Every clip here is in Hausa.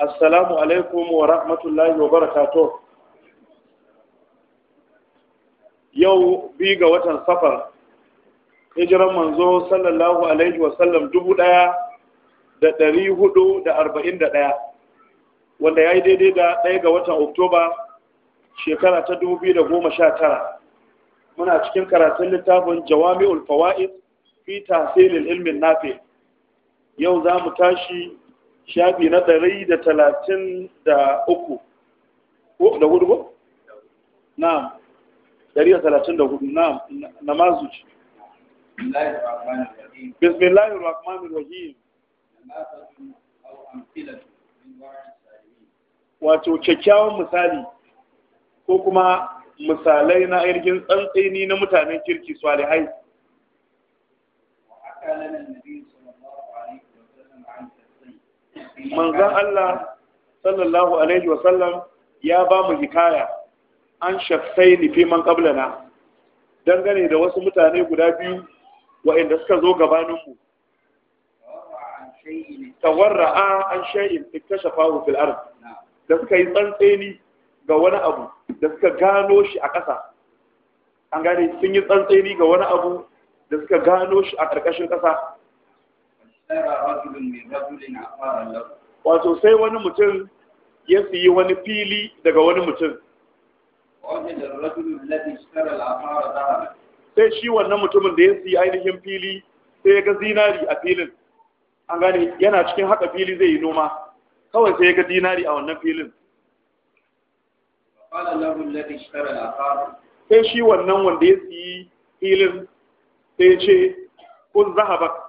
assalamu alaikum wa rahmatullahi wa barakatuh yau bi ga watan safar hijiran manzo sallallahu alaihi wa sallam dubu daya da dari hudu da arba'in da daya wanda ya yi daidai da ɗaya ga watan oktoba shekara ta dubu biyu da goma sha tara muna cikin karatun littafin jawami'ul fawa'id fi tasirin ilmin nafi yau za mu tashi shafi na ɗari da talatin da uku ko da hudu ko? na ɗari da talatin da hudu na'am na mazuci bismillahi rahmanu rahim wato kyakkyawan misali ko kuma misalai na ainihin tsantseni na mutanen kirki su salihai Manzan Allah sallallahu alaihi wa sallam ya ba mu hikaya an shafsai fi man qablana dangane da wasu mutane guda biyu wa'inda suka zo gabanin mu a an ta shafa fil ard da suka yi tsantseni ga wani abu da suka gano shi a ƙasa an gane sun yi tsantseni ga wani abu da suka gano shi a ƙarƙashin ƙasa wato sai wani mutum ya siyi wani fili daga wani mutum sai shi wannan mutumin da ya siyi ainihin fili sai ya ga zinari a filin an gane yana cikin haka fili zai yi noma kawai sai ya ga zinari a wannan filin sai shi wannan wanda ya siyi filin sai ya ce kun zahabak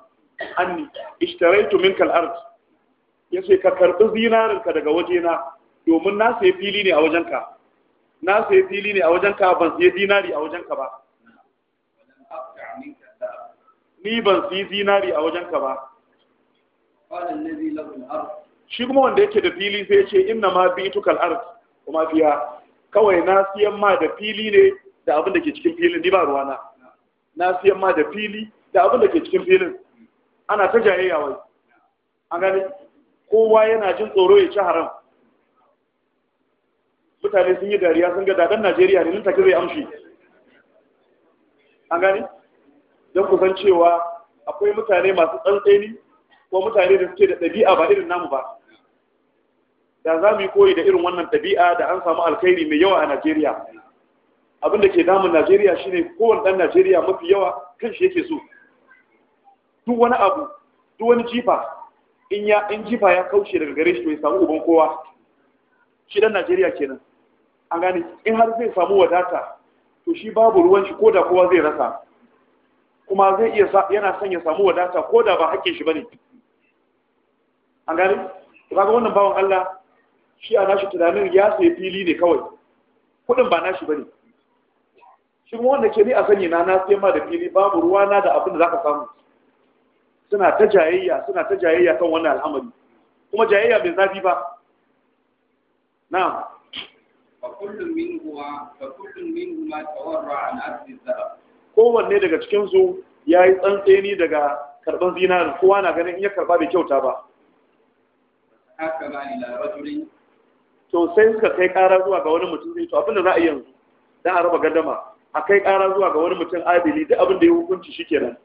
anni ishtaraitu minkal ard yace ka karbi zinarinka daga wajena domin na sayi fili ne a wajenka na sayi fili ne a wajenka ban sayi dinari a wajenka ba ni ban sayi dinari a wajenka ba shi kuma wanda yake da fili sai ce inna ma bi tukal ard kuma fiya kawai na siyan ma da fili ne da abin da ke cikin filin ni ba ruwana na siyan ma da fili da abin da ke cikin filin ana ta jayayya wai an gani kowa yana jin tsoro ya ci haram mutane sun yi dariya sun ga dadan najeriya ne nan take zai amshi an gani don kusan cewa akwai mutane masu tsantseni ko mutane da suke da ɗabi'a ba irin namu ba da za mu yi koyi da irin wannan ɗabi'a da an samu alkhairi mai yawa a najeriya abin da ke damun najeriya shine kowane ɗan najeriya mafi yawa kan shi yake so duk wani abu duk wani jifa in ya in jifa ya kauce daga gare shi to ya samu uban kowa shi dan Najeriya kenan an gane in har zai samu wadata to shi babu ruwan shi koda kowa zai rasa kuma zai iya yana son ya samu wadata koda ba hakkin shi bane an gane to kaga wannan bawan Allah shi a nashi tunanin ya sayi fili ne kawai kudin ba nashi bane shi wanda ke ni a sani na na sai ma da fili babu ruwa na da abin da zaka samu suna ta jayayya suna ta jayayya kan wannan al'amari kuma jayayya bai zafi ba na kowanne daga cikinsu ya yi tsantseni daga karɓar zinari kowa na ganin iya karɓa bai kyauta ba to sai suka kai ƙara zuwa ga wani mutum zai to abinda za a yi yanzu don a raba gadama a kai ƙara zuwa ga wani mutum adili duk abin da ya hukunci shi kenan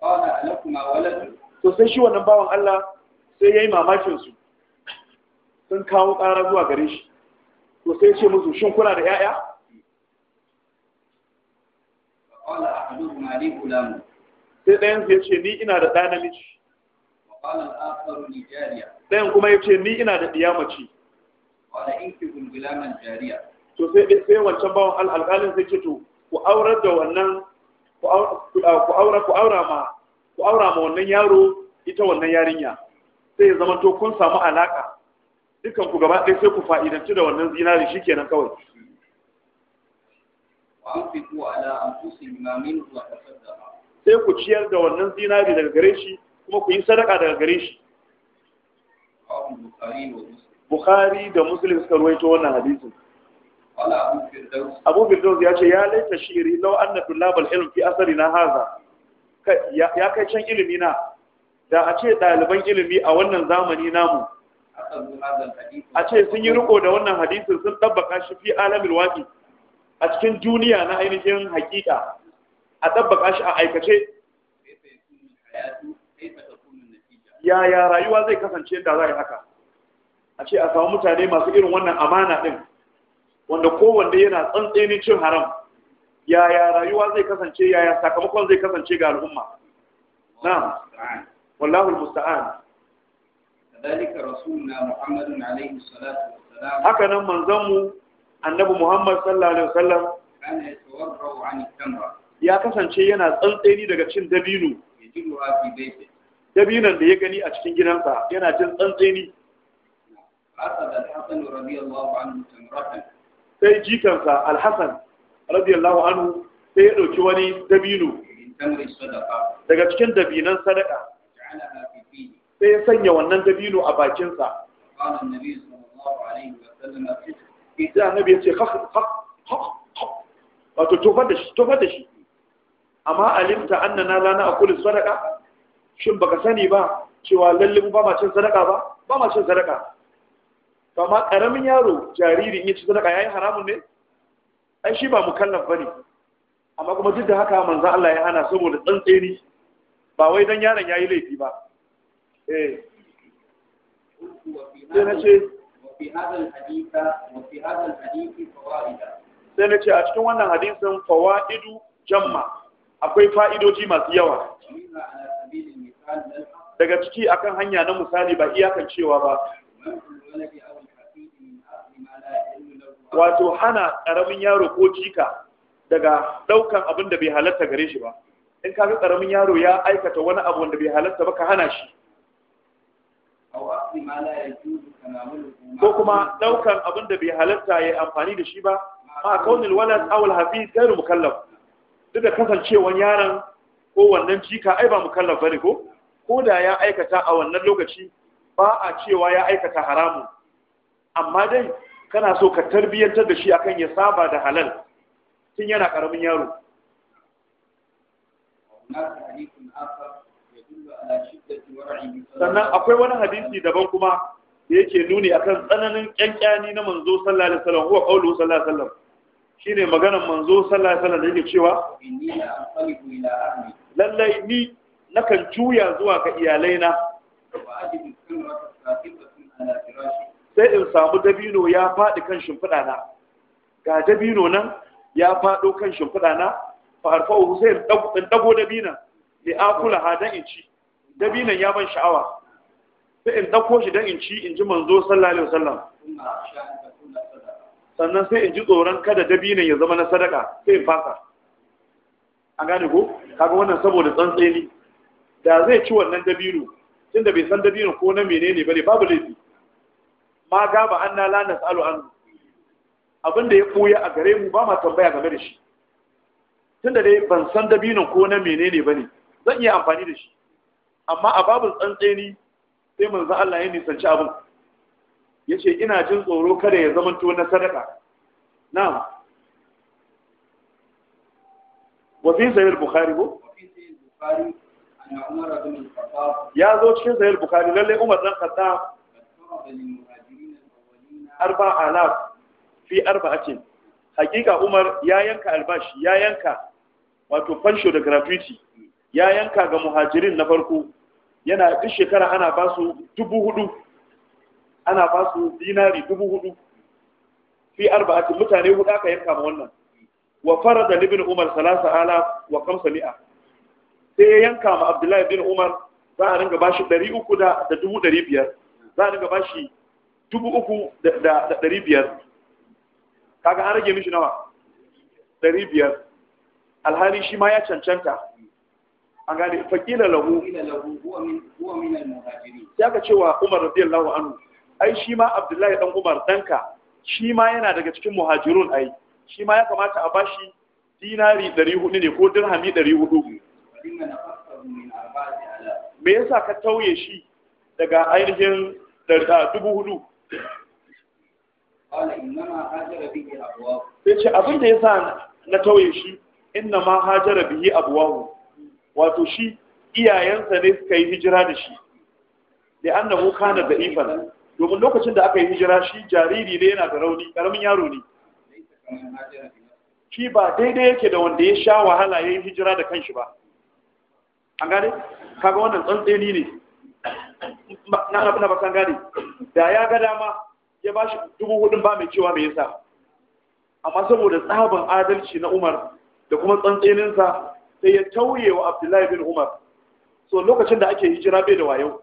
to sai shi wannan bawan Allah sai ya yi mamakinsu sun kawo ƙara zuwa gare shi to sai ce musu shin kuna da 'ya'ya? sai ɗayan ya ce ni ina da ɗa namiji ɗayan kuma ya ce ni ina da ɗiya mace to sai wancan bawan alƙalin sai ce to ku aurar da wannan Ah, ku aura ku aura ma ku aura ma wannan yaro ita wannan yarinya sai ya zama to kun samu alaka dukan ku gaba ɗaya sai ku fa'idanci da wannan zinari shikenan kawai sai ku ciyar da wannan zinari daga gare shi kuma ku yi sadaka daga gare shi Bukhari da Muslim suka ruwaito wannan hadisin abu firdaus ya ce ya laita shiri lau an na tulabar ilm fi asari na haza ya kai can ilimi na da a ce ɗaliban ilimi a wannan zamani namu a ce sun yi riko da wannan hadisin sun ɗabbaka shi fi alamin waƙi a cikin duniya na ainihin hakika a ɗabbaka shi a aikace yaya rayuwa zai kasance da za a yi haka a ce a samu mutane masu irin wannan amana ɗin wanda kowanne yana tsantsenin cin haram yaya rayuwa zai kasance yaya sakamakon zai kasance ga al'umma na'am wallahu musta'an kadalika rasuluna muhammadun alaihi salatu wassalam haka nan manzon mu annabi muhammad sallallahu alaihi wasallam kana yatawarra'u an ya kasance yana tsantseni daga cin dabino dabinan da ya gani a cikin gidansa yana cin tsantseni sai jikansa alhassan radiyallahu anhu sai ya ɗauki wani dabino daga cikin dabinan sadaka sai ya sanya wannan dabino a bakinsa idan annabi ya ce wato tofar da shi shi. amma alimta annana la na akulu sadaka shin baka sani ba cewa lalle ba ma cin sadaka ba ba ma cin sadaka to amma karamin yaro jariri ya ci sadaka yayi haramun ne ai shi ba mukallaf bane amma kuma duk da haka manzo Allah ya hana saboda tsantseni ba wai dan yaron yayi laifi ba eh sai na ce a cikin wannan hadisin fawa'idu jamma akwai fa'idoji masu yawa daga ciki akan hanya na misali ba iyakan cewa ba wato hana ƙaramin yaro ko cika daga ɗaukan abin da bai halatta gare shi ba in ka ga ƙaramin yaro ya aikata wani abu wanda bai halatta ba ka hana shi ko kuma ɗaukan abin da bai halatta ya amfani da shi ba ma kaunil walad awal hafi gairu mukallaf duk da kasancewan yaron ko wannan jika ai ba mukallaf bane ko ko da ya aikata a wannan lokaci ba a cewa ya aikata haramun amma dai kana so ka tarbiyyantar da shi akan ya saba da halal tun yana karamin yaro sannan akwai wani hadisi daban kuma da yake nuni akan tsananin kyankyani na manzo sallallahu alaihi wasallam huwa qawlu sallallahu alaihi wasallam shine maganar manzo sallallahu alaihi wasallam da yake cewa lallai ni nakan juya zuwa ga iyalaina sai in samu dabino ya faɗi kan shimfiɗa na ga dabino nan ya faɗo kan shimfiɗa na fa arfa'u sai in dago dabinan li akula ha dan in ci dabinan ya ban sha'awa sai in dauko shi dan in ci in ji manzo sallallahu alaihi wasallam sannan sai in ji tsoron kada dabinan ya zama na sadaka sai in fasa an gane ko kaga wannan saboda tsantseni da zai ci wannan dabino tunda bai san dabino ko na menene bane babu laifi ma gaba an na la nas'alu an abin da ya koya a gare mu ba ma tambaya game da shi tunda dai ban san dabinon ko na menene ba ne. zan iya amfani da shi amma a babu tsantseni sai mun za Allah ya nisanci abin yace ina jin tsoro kada ya zama to na sadaka na'am wa fi sahih bukhari ko ya zo cikin sahih bukhari lallai Umar dan Khattab arba alaf fi arba'atin hakika Umar ya yanka albashi ya yanka wato fansho da gratuity ya yanka ga muhajirin na farko yana duk shekara ana ba su dubu hudu ana ba su dinari dubu hudu fi arba'atin mutane hudu aka yanka ma wannan wa da libin umar salasa ala wa kamsa mi'a sai ya yanka ma abdullahi bin umar za a ringa bashi ɗari uku da dubu ɗari biyar za a ringa bashi dubu uku da ɗari biyar kaga an rage mishi nawa ɗari biyar alhali shi ma ya cancanta an gane faƙila lahu ya ka cewa umar radiyallahu anhu ai shi ma abdullahi dan umar danka shi ma yana daga cikin muhajirun ai shi ma ya kamata a bashi dinari 400 ne ko dirhami 400 me yasa ka tauye shi daga ainihin dubu hudu ya abin da ya sa na tauye shi inna ma hajara bihi abuwahu wato shi iyayensa ne suka yi hijira da shi da annahu kana da ifan domin lokacin da aka yi hijira shi jariri ne yana da rauni karamin yaro ne shi ba daidai yake da wanda ya sha wahala ya yi hijira da kanshi ba an gane kaga wannan tsantseni ne na da ba san gane da ya ga dama ya ba shi dubu hudun ba mai cewa mai yasa amma saboda tsabin adalci na umar da kuma tsantseninsa sai ya tauye wa abdullahi bin umar so lokacin da ake hijira bai da wayo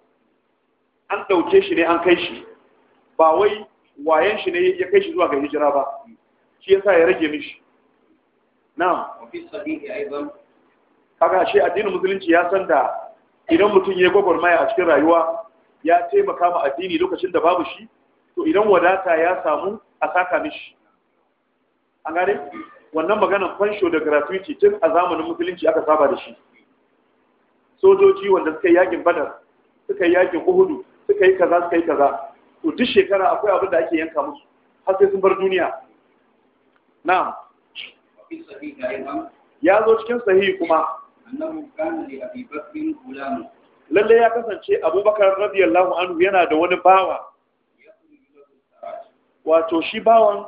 an dauke shi ne an kai shi ba wai wayan shi ne ya kai shi zuwa ga hijira ba shi yasa ya rage mishi na'am kaga shi addinin musulunci ya san da idan mutum ya gwagwarmaya a cikin rayuwa ya taimaka ma addini lokacin da babu shi to idan wadata ya samu a saka mishi an gane wannan maganar fansho da gratuity tun a zamanin musulunci aka saba da shi sojoji wanda suka yi yakin badar suka yi yakin uhudu suka yi kaza suka yi kaza to duk shekara akwai abin da ake yanka musu har sai sun bar duniya na'am ya zo cikin sahihi kuma Lallai ya kasance abubakar radiyallahu anhu yana da wani bawa wato shi bawan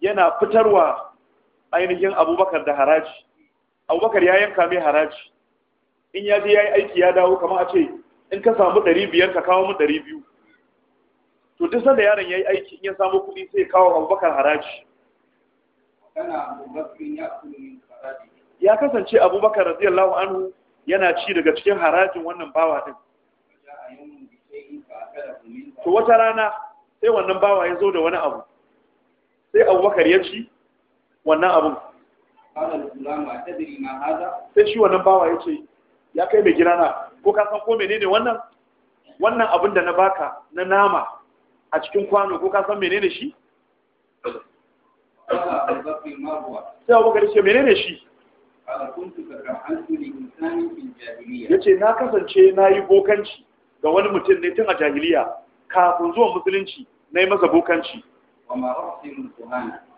yana fitarwa ainihin abubakar da haraji abubakar ya yanka mai haraji in ya je ya yi aiki ya dawo kama a ce in ka samu ɗari ka kawo mu ɗari biyu to duk sanda yaron ya yi aiki in ya samu kuɗi sai kawo abubakar haraji ya kasance abubakar radiyallahu anhu yana ci daga cikin harajin wannan bawa din to wata rana sai wannan bawa ya zo da wani abu sai abubakar ya ci wannan abun sai shi wannan bawa ya ce ya kai mai gidana ko ka san ko menene wannan wannan abin da na baka na nama a cikin kwano ko ka san menene shi sai abubakar ya ce menene shi yace na kasance na yi bokanci ga wani mutum ne tun a jahiliya kafin zuwan musulunci na yi masa bokanci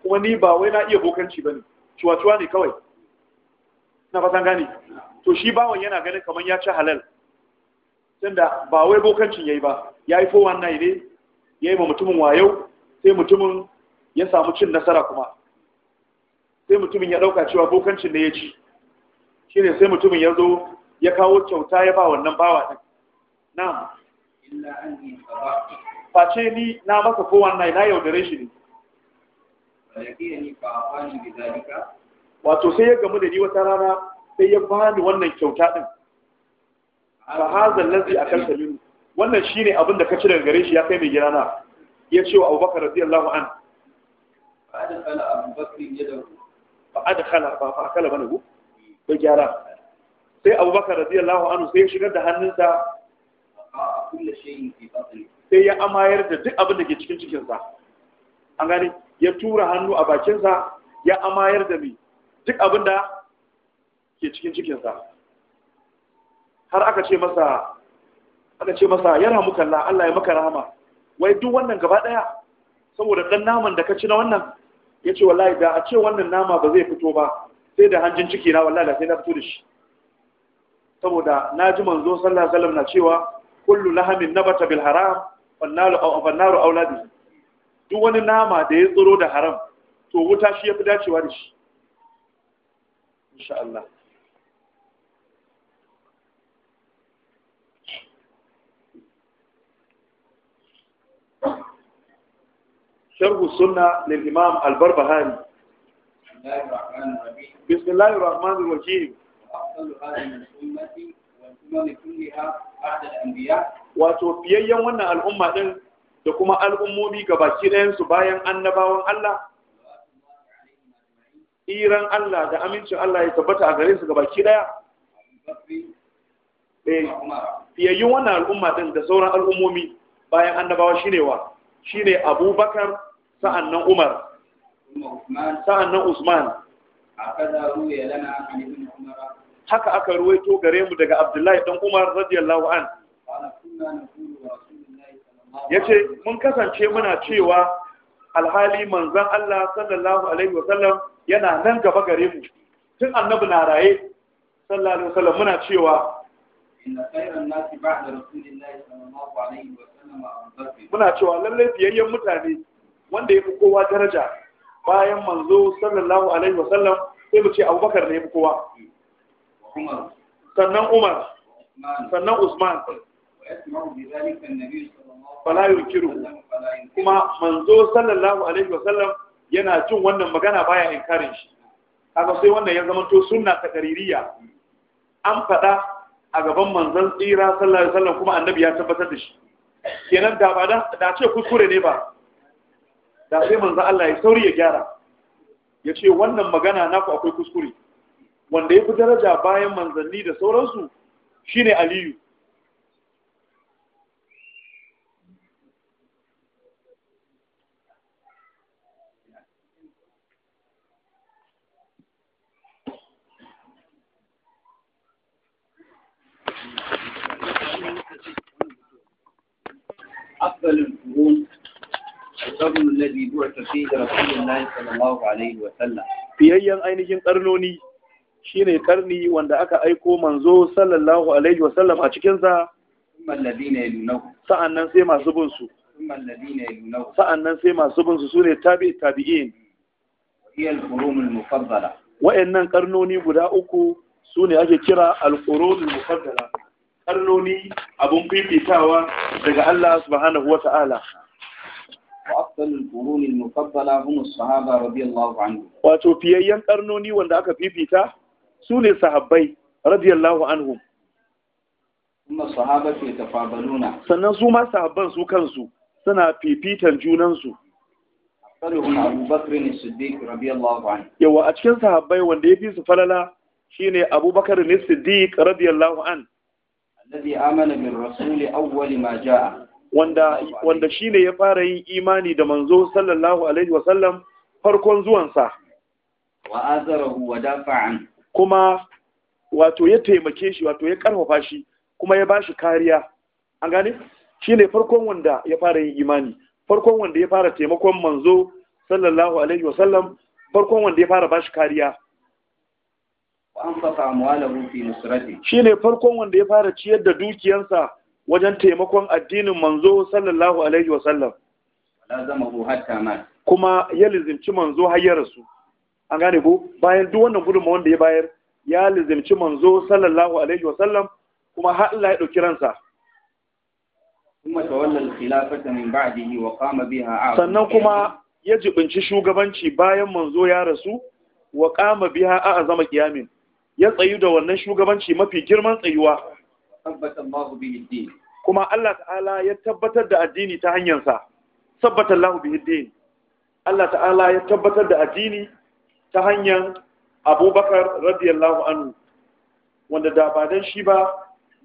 kuma ni ba wai na iya bokanci ba ne cuwa-cuwa ne kawai na fatan gani. to shi bawan yana ganin kamar ya ci halal tunda ba wai bokancin ya yi ba ya yi na ne ya yi ma mutumin wayo sai mutumin ya samu cin nasara kuma sai mutumin ya ɗauka cewa bokancin da ya ci shi ne sai mutumin ya zo ya kawo kyauta ya ba wannan bawa ɗin na face ni na masa kowa na na yaudare shi ne wato sai ya gamu da ni wata rana sai ya ni wannan kyauta ɗin fa hadha a Kanta, minhu wannan shi ne abin da ka ci daga gare shi ya kai mai gidana ya ce wa Abubakar radiyallahu anhu da kana Abubakar ya fa adkhala ba fa akala bane ko ko gyara sai abubakar radiyallahu anu sai ya shigar da hannunsa sai ya amayar da duk abin da ke cikin cikinsa an gani ya tura hannu a bakinsa ya amayar da mai duk abin da ke cikin cikinsa har aka ce masa aka ce masa yana mukalla Allah ya maka rama. wai duk wannan gaba daya saboda ɗan naman da ka ci na wannan ya ce wallahi da a ce wannan nama ba zai fito ba sai da hanjin ciki na wallahi da sai na fito da shi saboda na ji manzo sallallahu alaihi wasallam na cewa kullu lahamin nabata bil haram nalu aw fannaru auladi duk wani nama da ya tsiro da haram to wuta shi ya fi dacewa da shi insha Allah sharhu sunna lil imam al-barbahari بسم الله الرحمن الرحيم وأفضل هذه الأمة والأمم كلها بعد da kuma al'ummomi gabaki ɗayansu bayan annabawan Allah iran Allah da amincin Allah ya tabbata a gare su gabaki ɗaya fiyayyun wannan al'umma ɗin da sauran al'ummomi bayan annabawa shi ne wa shine abubakar sa'annan umar sa'annan usman haka aka ruwaito gare mu daga abdullahi dan umar radiyallahu an yace mun kasance muna cewa alhali manzon Allah sallallahu alaihi wasallam yana nan gaba gare mu tun annabi na raye sallallahu alaihi wasallam muna cewa muna cewa lallai biyayyen mutane wanda ya fi kowa daraja bayan manzo sallallahu alaihi wasallam sai mu ce abubakar ne ya fi kowa sannan umar sannan usman falayin kiru kuma manzo sallallahu alaihi wasallam yana jin wannan magana baya karin shi haka sai wannan ya zama to sunna ta an faɗa a gaban manzan tsira sallallahu alaihi wasallam kuma annabi ya tabbatar da shi kenan da ba da ce kuskure ne ba da sai manza Allah ya sauri ya gyara ya ce wannan magana naku akwai kuskure wanda ya fi daraja bayan manzanni da sauransu shine Aliyu أفضل القرون القرن الذي بعث فيه رسول الله صلى الله عليه وسلم في أي أينجين قرنوني shine karni wanda aka aiko manzo sallallahu alaihi wa sallam a cikin sa sa'annan sai masu bin su sa'annan sai masu bin su sune tabi tabi'in wa'annan karnoni guda uku sune ake kira al-qurunul mufaddala karnoni abun fifitawa daga Allah subhanahu wa ta'ala. Wato fiyayyen ƙarnoni wanda aka fifita su ne sahabbai radiyallahu anhu. Sannan su ma sahabban su kansu suna fifitan junansu. Yau, a cikin sahabbai wanda ya fi su falala shi ne Abubakar Nisiddiq radiyallahu anhu. wanda wanda shine ya fara yin imani da manzo sallallahu alaihi wa sallam farkon zuwansa wa azarahu wa dafa'an kuma wato ya taimake shi wato ya karfafa shi kuma ya bashi kariya an gane shine farkon wanda ya fara yin imani farkon wanda ya fara taimakon manzo sallallahu alaihi wa sallam farkon wanda ya fara bashi kariya Shi ne farkon wanda ya fara ciyar da dukiyansa wajen taimakon addinin manzo sallallahu alaihi wasallam. Kuma ya lizimci manzo har ya rasu. An gane ko bayan duk wannan gudunma wanda ya bayar ya lizimci manzo sallallahu alaihi wasallam kuma har Allah ya ɗauki ransa. Sannan kuma ya jibinci shugabanci bayan manzo ya rasu wa kama biha a azama kiyamin ya tsayu da wannan shugabanci mafi girman tsayuwa kuma Allah ta'ala ya tabbatar da addini ta hanyarsa sabbata Allah bihi Allah ta'ala ya tabbatar da addini ta hanyar Abubakar radiyallahu anhu wanda da ba dan shi ba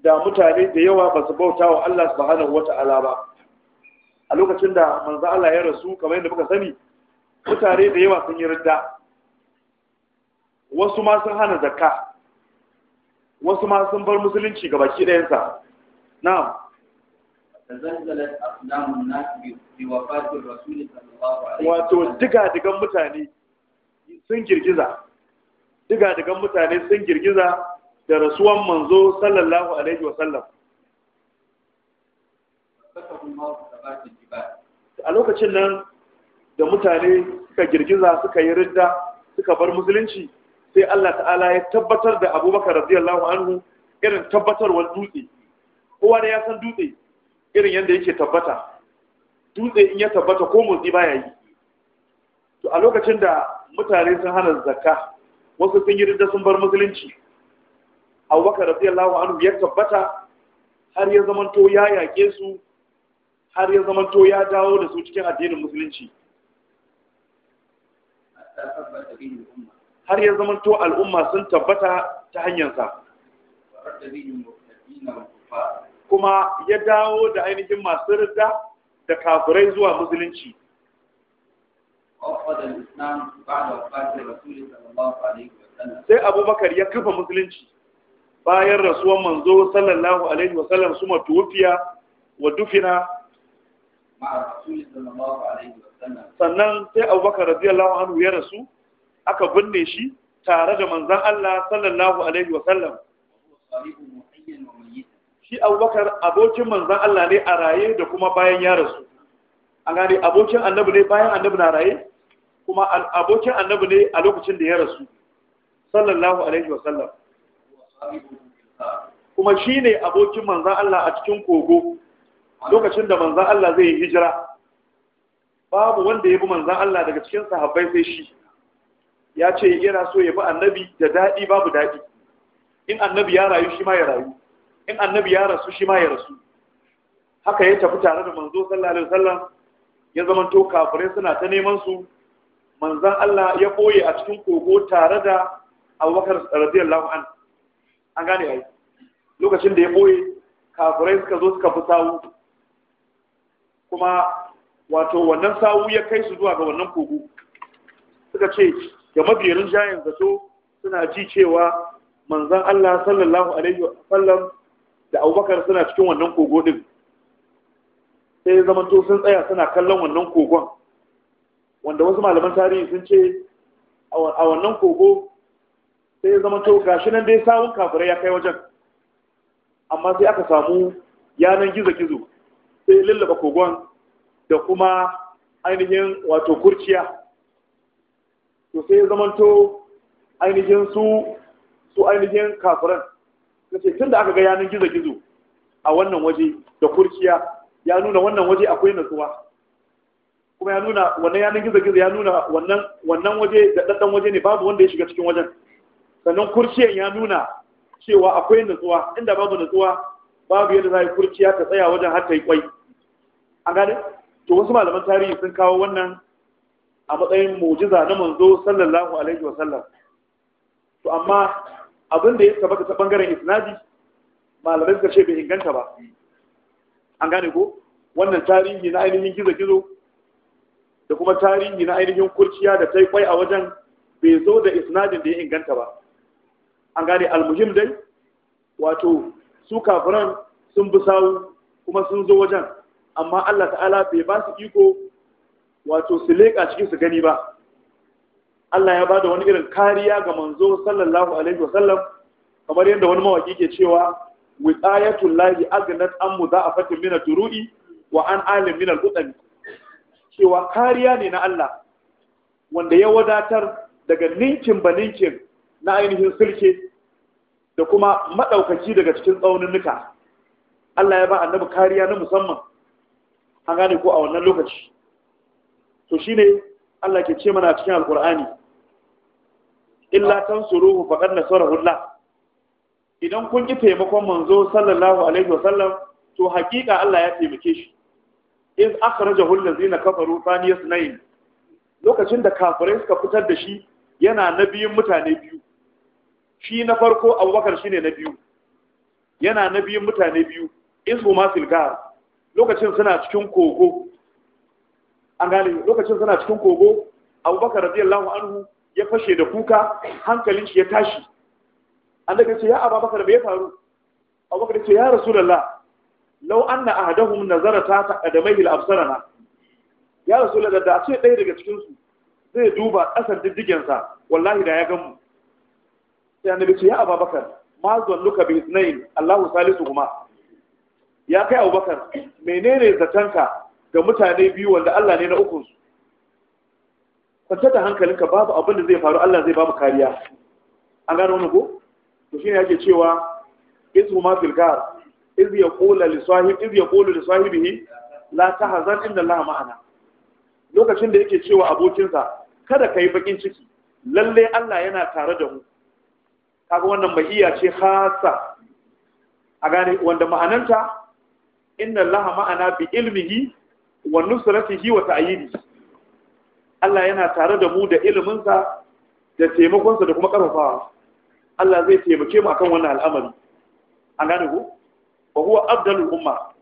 da mutane da yawa ba su bauta wa Allah subhanahu wata'ala ba a lokacin da manzo Allah ya rasu kamar yadda muka sani mutane da yawa sun yi ridda wasu ma sun hana zakka wasu ma sun bar musulunci ga baki ɗayansa na'am wato diga digan mutane sun girgiza diga digan mutane sun girgiza da rasuwan manzo sallallahu alaihi wa sallam a lokacin nan da mutane suka girgiza suka yi ridda suka bar musulunci sai Allah ta'ala ya tabbatar da abubakar radiyallahu anhu irin tabbatarwar dutse kowa da ya san dutse irin yadda yake tabbata dutse in ya tabbata ko motsi baya yi to a lokacin da mutane sun hana zakka wasu sun yi ridda sun bar musulunci abubakar radiyallahu anhu ya tabbata har ya zamanto ya yaƙe su har ya zamanto ya dawo da su cikin addinin musulunci har ya zama to al'umma sun tabbata ta hanyarsa kuma ya dawo da ainihin masu rida da kafirai zuwa musulunci sai abubakar ya kafa musulunci bayan rasuwan manzo sallallahu alaihi wasallam su matuwafiya wa dufina sannan sai abubakar radiyallahu anhu ya rasu aka binne shi tare da manzan Allah sallallahu alaihi wasallam shi abubakar abokin manzan Allah ne a raye da kuma bayan ya rasu an gane abokin annabi ne bayan annabi na raye kuma abokin annabi ne a lokacin da ya rasu sallallahu alaihi wasallam kuma shi ne abokin manzan Allah a cikin kogo lokacin da manzan Allah zai yi hijira babu wanda ya bi manzan Allah daga cikin sahabbai sai shi ya ce yana so ya bi annabi da daɗi babu daɗi in annabi ya rayu shi ma ya rayu in annabi ya rasu shi ma ya rasu haka ya tafi tare da manzo sallallahu alaihi wasallam ya zama to kafirai suna ta neman su manzon Allah ya boye a cikin kogo tare da Abubakar radiyallahu an an gane ai lokacin da ya boye kafirai suka zo suka fi sawu kuma wato wannan sawu ya kai su zuwa ga wannan kogo suka ce ga mabiyarin jayin zato suna ji cewa manzan Allah sallallahu alaihi wasallam da Abubakar suna cikin wannan kogo din sai ya zama sun tsaya suna kallon wannan kogon wanda wasu malaman tarihi sun ce a wannan kogo sai ya zama to gashi nan dai sawun kafirai ya kai wajen amma sai aka samu yanar gizo-gizo sai lullaba kogon da kuma ainihin wato kurciya to sai ya zamanto ainihin su su ainihin kafiran kace tunda aka ga yanin gizo gizo a wannan waje da kurciya ya nuna wannan waje akwai natsuwa kuma ya nuna wannan yanin gizo gizo ya nuna wannan wannan waje da daddan waje ne babu wanda ya shiga cikin wajen sannan kurciyan ya nuna cewa akwai natsuwa inda babu natsuwa babu yadda za yi kurciya ta tsaya wajen har ta yi kwai an gane to wasu malaman tarihi sun kawo wannan a matsayin mujiza na manzo sallallahu alaihi wa sallam to amma abin da ya tabbata ta bangaren isnadi malamai suka ce bai inganta ba an gane ko wannan tarihi na ainihin gizo-gizo da kuma tarihi na ainihin kurciya da ta kwai a wajen bai zo da isnadin da ya inganta ba an gane almuhim dai wato su kafiran sun bi sawu kuma sun zo wajen amma Allah ta'ala bai ba su iko wato su leƙa cikin su gani ba Allah ya bada wani irin kariya ga manzo sallallahu alaihi wasallam kamar yadda wani mawaki ke cewa wiqayatul lahi agnat an mudha'afatin min ad-duru'i wa an alim min al cewa kariya ne na Allah wanda ya wadatar daga ninkin baninkin na ainihin sulke da kuma madaukaki daga cikin tsaunin nuka. Allah ya ba annabi kariya na musamman an gane ko a wannan lokaci to shi ne Allah ke ce mana cikin alkur'ani illa tan suruhu faqad nasarahu Allah idan kun ki taimakon manzo sallallahu alaihi wasallam to hakika Allah ya taimake shi iz akhrajahu allazina kafaru thaniya sunayn lokacin da kafirai suka fitar da shi yana na biyun mutane biyu shi na farko abubakar shine na biyu yana na biyun mutane biyu iz huma fil lokacin suna cikin kogo an gane lokacin suna cikin kogo abubakar radiyallahu anhu ya fashe da kuka hankalin shi ya tashi an daga ce ya abubakar bai faru abubakar ya ce ya rasulullah law anna ahadahum nazarata ta taqadamaihi al-absarana ya rasulullah da a ce ɗaya daga cikin su zai duba ƙasar diddigen sa wallahi da ya gan mu sai annabi ce ya abubakar ma zalluka bi ithnain Allahu salisuhuma ya kai abubakar menene zatanka ga mutane biyu wanda Allah ne na ukun su kwanta da hankalinka babu abin da zai faru Allah zai babu kariya an gano wani ko to shine yake cewa izu ma fil gar iz yaqulu li sahib iz yaqulu li sahibihi la tahzan inna Allah ma'ana lokacin da yake cewa abokinsa kada kai bakin ciki lalle Allah yana tare da mu kaga wannan mahiya ce khassa a gane wanda ma'ananta inna Allah ma'ana bi ilmihi wa nusratihi wa ta'yidi Allah yana tare da mu da iliminsa da taimakonsa da kuma ƙarfafawa Allah zai taimake mu akan wannan al'amari an gane ku wa huwa abdalul umma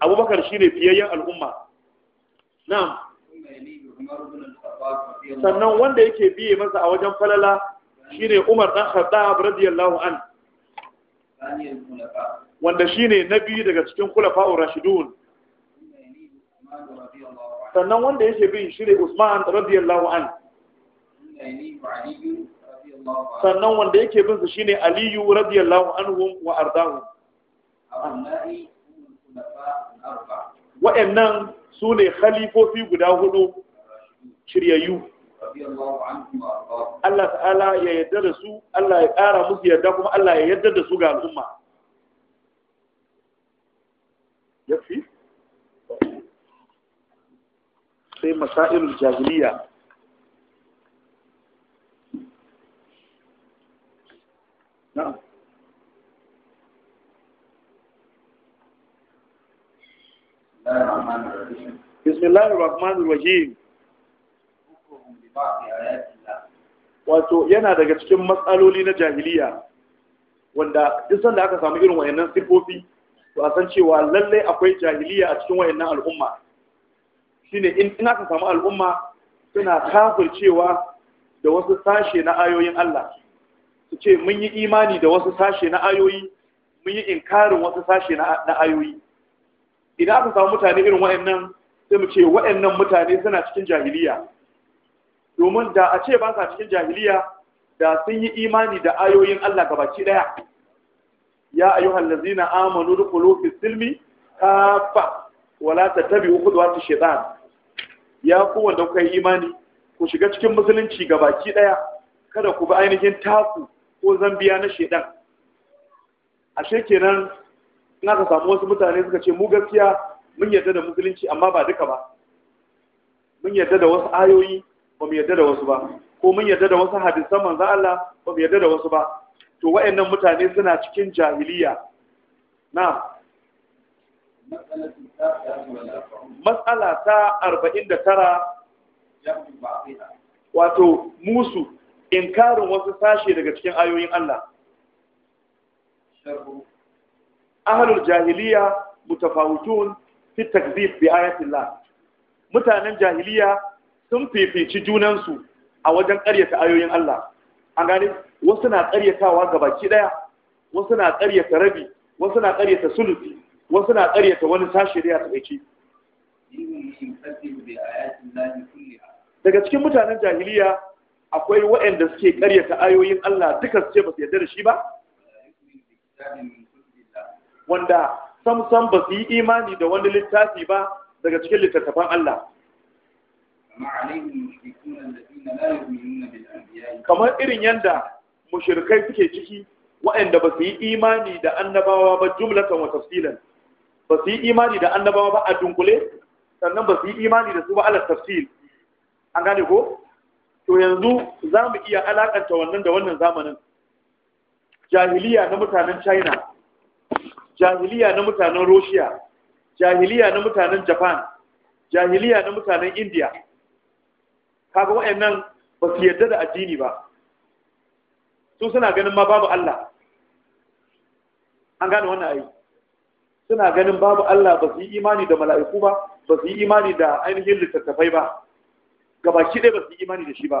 Abubakar shine fiyayyen al'umma na'am sannan wanda yake biye masa a wajen falala shine Umar dan Khattab radiyallahu an wanda shine nabi daga cikin khulafa'ur rashidun sannan wanda yake bin shi ne Usman radiyallahu an sannan wanda yake bin su shine Aliyu radiyallahu an wa ardahum wa'annan su ne khalifofi guda hudu shiryayyu Allah ta'ala ya yarda da su Allah ya ƙara musu yarda kuma Allah ya yarda da su ga al'umma sai masailul jahiliya بسم الله wato yana daga cikin matsaloli na jahiliya wanda duk sanda aka samu irin wayannan sifofi to a san cewa lallai akwai jahiliya a cikin wayannan al'umma shine in aka samu al'umma suna cewa da wasu sashe na ayoyin Allah su ce mun yi imani da wasu sashe na ayoyi mun yi inkarin wasu sashe na ayoyi idan aka samu mutane irin wa'annan sai mu ce wa'annan mutane suna cikin jahiliya domin da a ce ba sa cikin jahiliya da sun yi imani da ayoyin Allah gabaki daya ya ayyuhal ladzina amanu dukhulu fis silmi kafa wala tattabi'u khudwatish shaitan ya ku wanda kuka yi imani ku shiga cikin musulunci ga baki ɗaya kada ku bi ainihin taku ko zambiya na shedan ashe kenan in ka samu wasu mutane suka ce mu gaskiya mun yarda da musulunci amma ba duka ba mun yarda da wasu ayoyi ba mu yarda da wasu ba ko mun yarda da wasu hadisan manzo Allah ba mu yarda da wasu ba to wayannan mutane suna cikin jahiliya na matsala ta arba'in da tara wato musu inkarin wasu sashe daga cikin ayoyin Allah ahalul jahiliya mutafawutun fi takzib bi la mutanen jahiliya sun fifici junansu a wajen karyata ayoyin Allah an gane wasu na karyatawa ga baki ɗaya wasu na karyata rabi wasu na karyata sulusi wasu na karyata wani sashi da ya ce. daga cikin mutanen jahiliya akwai waɗanda suke karyata ayoyin Allah duka su ce ba su yarda da shi ba wanda samsam ba su yi imani da wani littafi ba daga cikin littattafan Allah kamar irin yadda mushirikai suke ciki waɗanda ba su yi imani da annabawa ba jumlatan wa tafsilan ba su yi imani da annabawa ba a dunkule sannan ba su yi imani da su ba ala tafsil an gane ko to yanzu za mu iya alakanta wannan da wannan zamanin jahiliya na mutanen china jahiliya na mutanen russia jahiliya na mutanen japan jahiliya na mutanen india kaga wayannan ba su yarda da addini ba su suna ganin ma babu allah an gane wannan ayi suna ganin babu Allah ba su yi imani da mala'iku ba ba su yi imani da ainihin littattafai ba gabaki ɗaya ba su yi imani da shi ba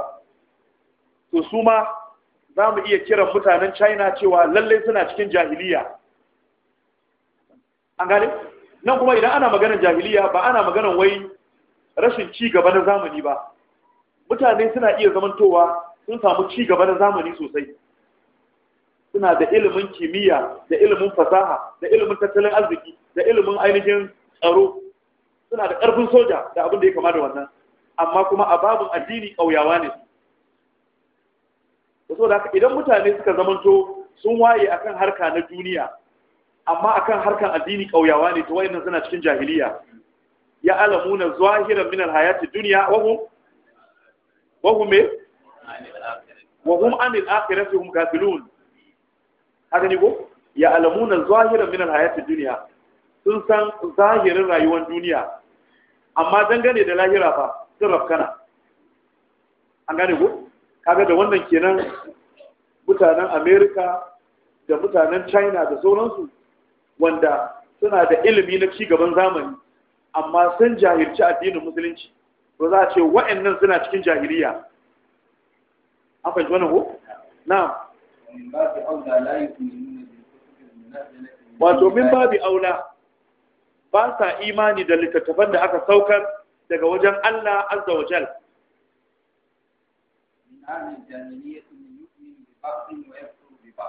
to su ma za mu iya kiran mutanen china cewa lallai suna cikin jahiliya an gane nan kuma idan ana maganar jahiliya ba ana maganar wai rashin ci gaba na zamani ba mutane suna iya zamantowa sun samu ci gaba na zamani sosai suna da ilimin kimiyya da ilimin fasaha da ilimin tattalin arziki da ilimin ainihin tsaro suna da ƙarfin soja da abin da ya kama da wannan amma kuma a babin addini ƙauyawa ne so da idan mutane suka zamanto sun waye akan harka na duniya amma akan harkan addini ƙauyawa ne to wayannan suna cikin jahiliya ya alamuna zahiran min alhayati dunya wa hum wa hum wa hum anil akhirati hum kafilun haka ne ko ya alamuna zahiran hayata hayatid duniya sun san zahirin rayuwar duniya amma dangane da lahira fa sun rafkana an gane ko kaga da wannan kenan mutanen america da mutanen China da sauransu wanda suna da ilimi na ci gaban zamani amma sun jahilci addinin musulunci ba za a ce wa'annan suna cikin jahiliya an fahimci wannan ko na'am wato min babi aula ba sa imani da littattafan da aka saukar daga wajen Allah azza wa jal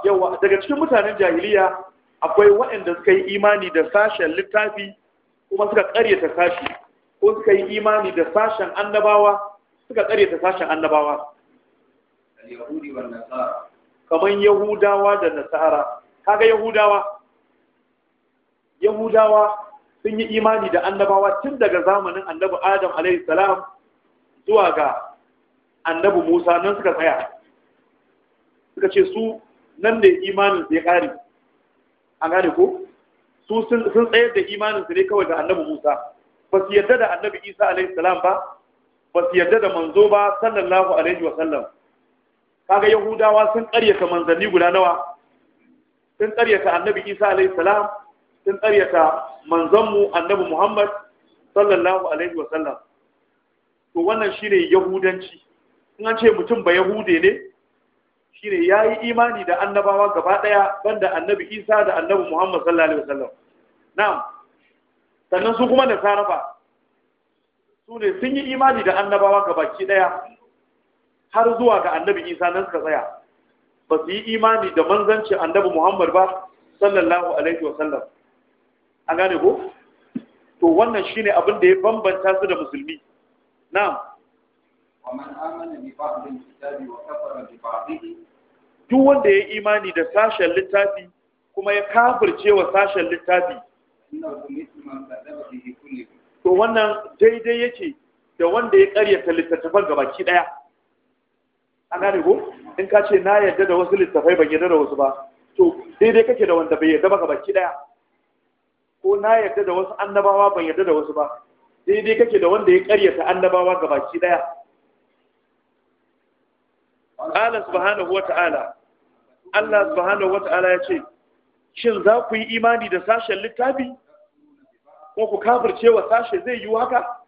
yawa daga cikin mutanen jahiliya akwai waɗanda suka yi imani da sashen littafi kuma suka ƙaryata sashi ko suka yi imani da sashen annabawa suka ƙaryata sashen annabawa kamar yahudawa da nasara kaga yahudawa yahudawa sun yi imani da annabawa tun daga zamanin annabi adam alaihi salam zuwa ga annabi musa nan suka tsaya suka ce su nan da imanin su ya kare an gane ko su sun tsayar da imanin su ne kawai da annabi musa ba su yarda da annabi isa alaihi salam ba ba su yarda da manzo ba sallallahu alaihi wa sallam kaga yahudawa sun ƙaryata manzanni guda nawa sun ƙaryata annabi isa alaihi salam sun ƙaryata manzanmu annabi muhammad sallallahu alaihi wasallam to wannan shine yahudanci in an ce mutum ba yahude ne shine yayi imani da annabawa gaba daya banda annabi isa da annabi muhammad sallallahu alaihi wasallam na'am sannan su kuma da sarafa su ne sun yi imani da annabawa gabaki daya har zuwa ga annabi isa nan suka tsaya ba su yi imani da manzanci annabi muhammad ba sallallahu alaihi wa sallam an gane ko to wannan shine abin da ya bambanta su da musulmi na'am ومن آمن ببعض الكتاب وكفر ببعضه duk wanda ya imani da sashen littafi kuma ya kafirce wa sashen littafi to wannan daidai yake da wanda ya karyata littattafan gabaki daya an gane ko in ka ce na yarda da wasu littafai ban yarda da wasu ba to daidai kake da wanda bai yarda ba baki daya ko na yarda da wasu annabawa ban yarda da wasu ba daidai kake da wanda ya karyata annabawa ga baki daya Allah subhanahu wata'ala Allah subhanahu wata'ala ya ce shin za ku yi imani da sashen littafi ko ku kafirce wa sashe zai yi haka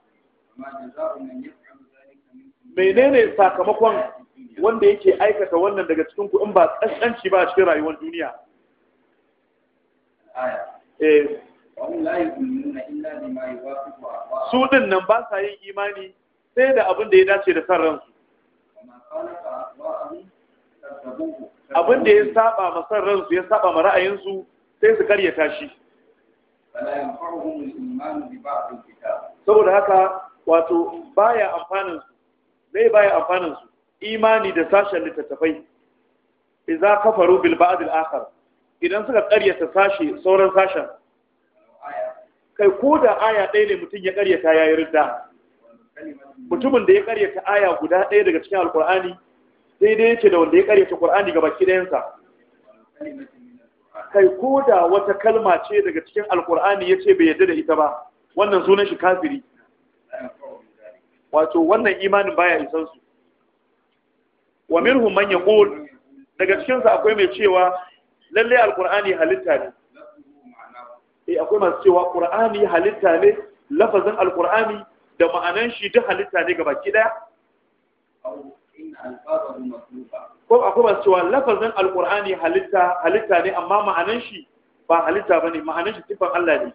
menene sakamakon wanda yake aikata wannan daga cikin ku in ba kaskanci ba a cikin rayuwar duniya eh. su din nan ba sa yin imani sai da abin da ya dace da san ransu abin da ya saba ma san ransu ya saba ma ra'ayinsu sai su karyata shi saboda haka wato baya amfanin su zai baya amfanin su imani da sashen littattafai Iza kafaru bil ba'd al akhar idan suka ƙaryata sashi sauran sashen kai ko da aya ɗaya ne mutum ya ƙaryata yayi ridda mutumin da ya ƙaryata aya guda ɗaya daga cikin alqur'ani daidai yake da wanda ya ƙaryata qur'ani ga baki ɗayansa kai ko da wata kalma ce daga cikin alqur'ani yace bai yarda da ita ba wannan sunan shi kafiri wato wannan imanin baya isan su wa minhum man yaqul daga cikin sa akwai mai cewa lalle alqur'ani halitta ne eh akwai masu cewa qur'ani halitta ne lafazin alqur'ani da ma'anan shi duk halitta ne gabaki daya ko akwai masu cewa lafazin alqur'ani halitta halitta ne amma ma'anan shi ba halitta bane ma'anan shi tifan Allah ne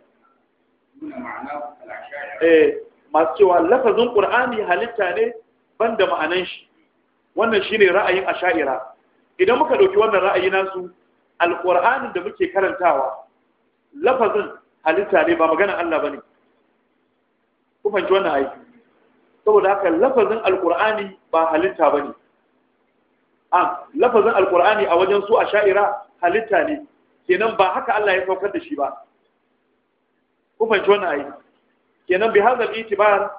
eh masu cewa lafazin qur'ani halitta ne banda ma'anan shi wannan shine ra'ayin asha'ira idan muka ɗauki wannan ra'ayi nasu alƙur'anin da muke karantawa lafazin halitta ne ba maganar Allah bane ku fahimci wannan aiki saboda haka lafazin alƙur'ani ba halitta bane a lafazin alƙur'ani a wajen su asha'ira halitta ne kenan ba haka Allah ya saukar da shi ba ku fahimci wannan aiki kenan bi hadal itibar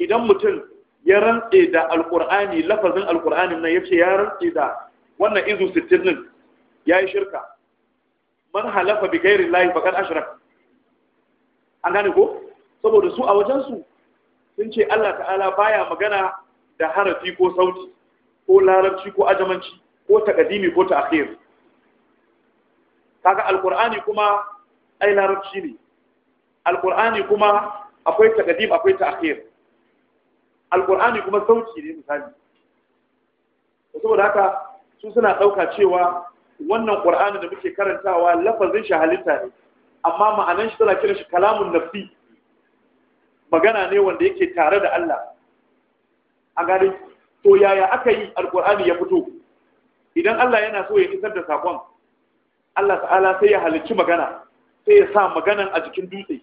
idan mutum ya rantse da alkur'ani lafazin alkur'anin nan yace ya rantse da wannan izu sittinin ya yayi shirka man halafa bi ghairi llahi faqad ashrak an gane ko saboda su a wajen su sun ce Allah ta'ala baya magana da harafi ko sauti ko larabci ko ajamanci ko taqdimi ko akhir kaga alkur'ani kuma ai larabci ne alkur'ani kuma akwai taqdim akwai akhir Alƙur'ani kuma sauki ne misali saboda haka su suna ɗauka cewa wannan ƙur'ani da muke karantawa lafazin shi halitta ne amma ma'anan shi tana kiran shi kalamun nafi magana ne wanda yake tare da Allah a gari to yaya aka yi alƙur'ani ya fito idan Allah yana so ya isar da saƙon, Allah ta'ala sai ya halicci magana sai ya sa maganan a jikin dutse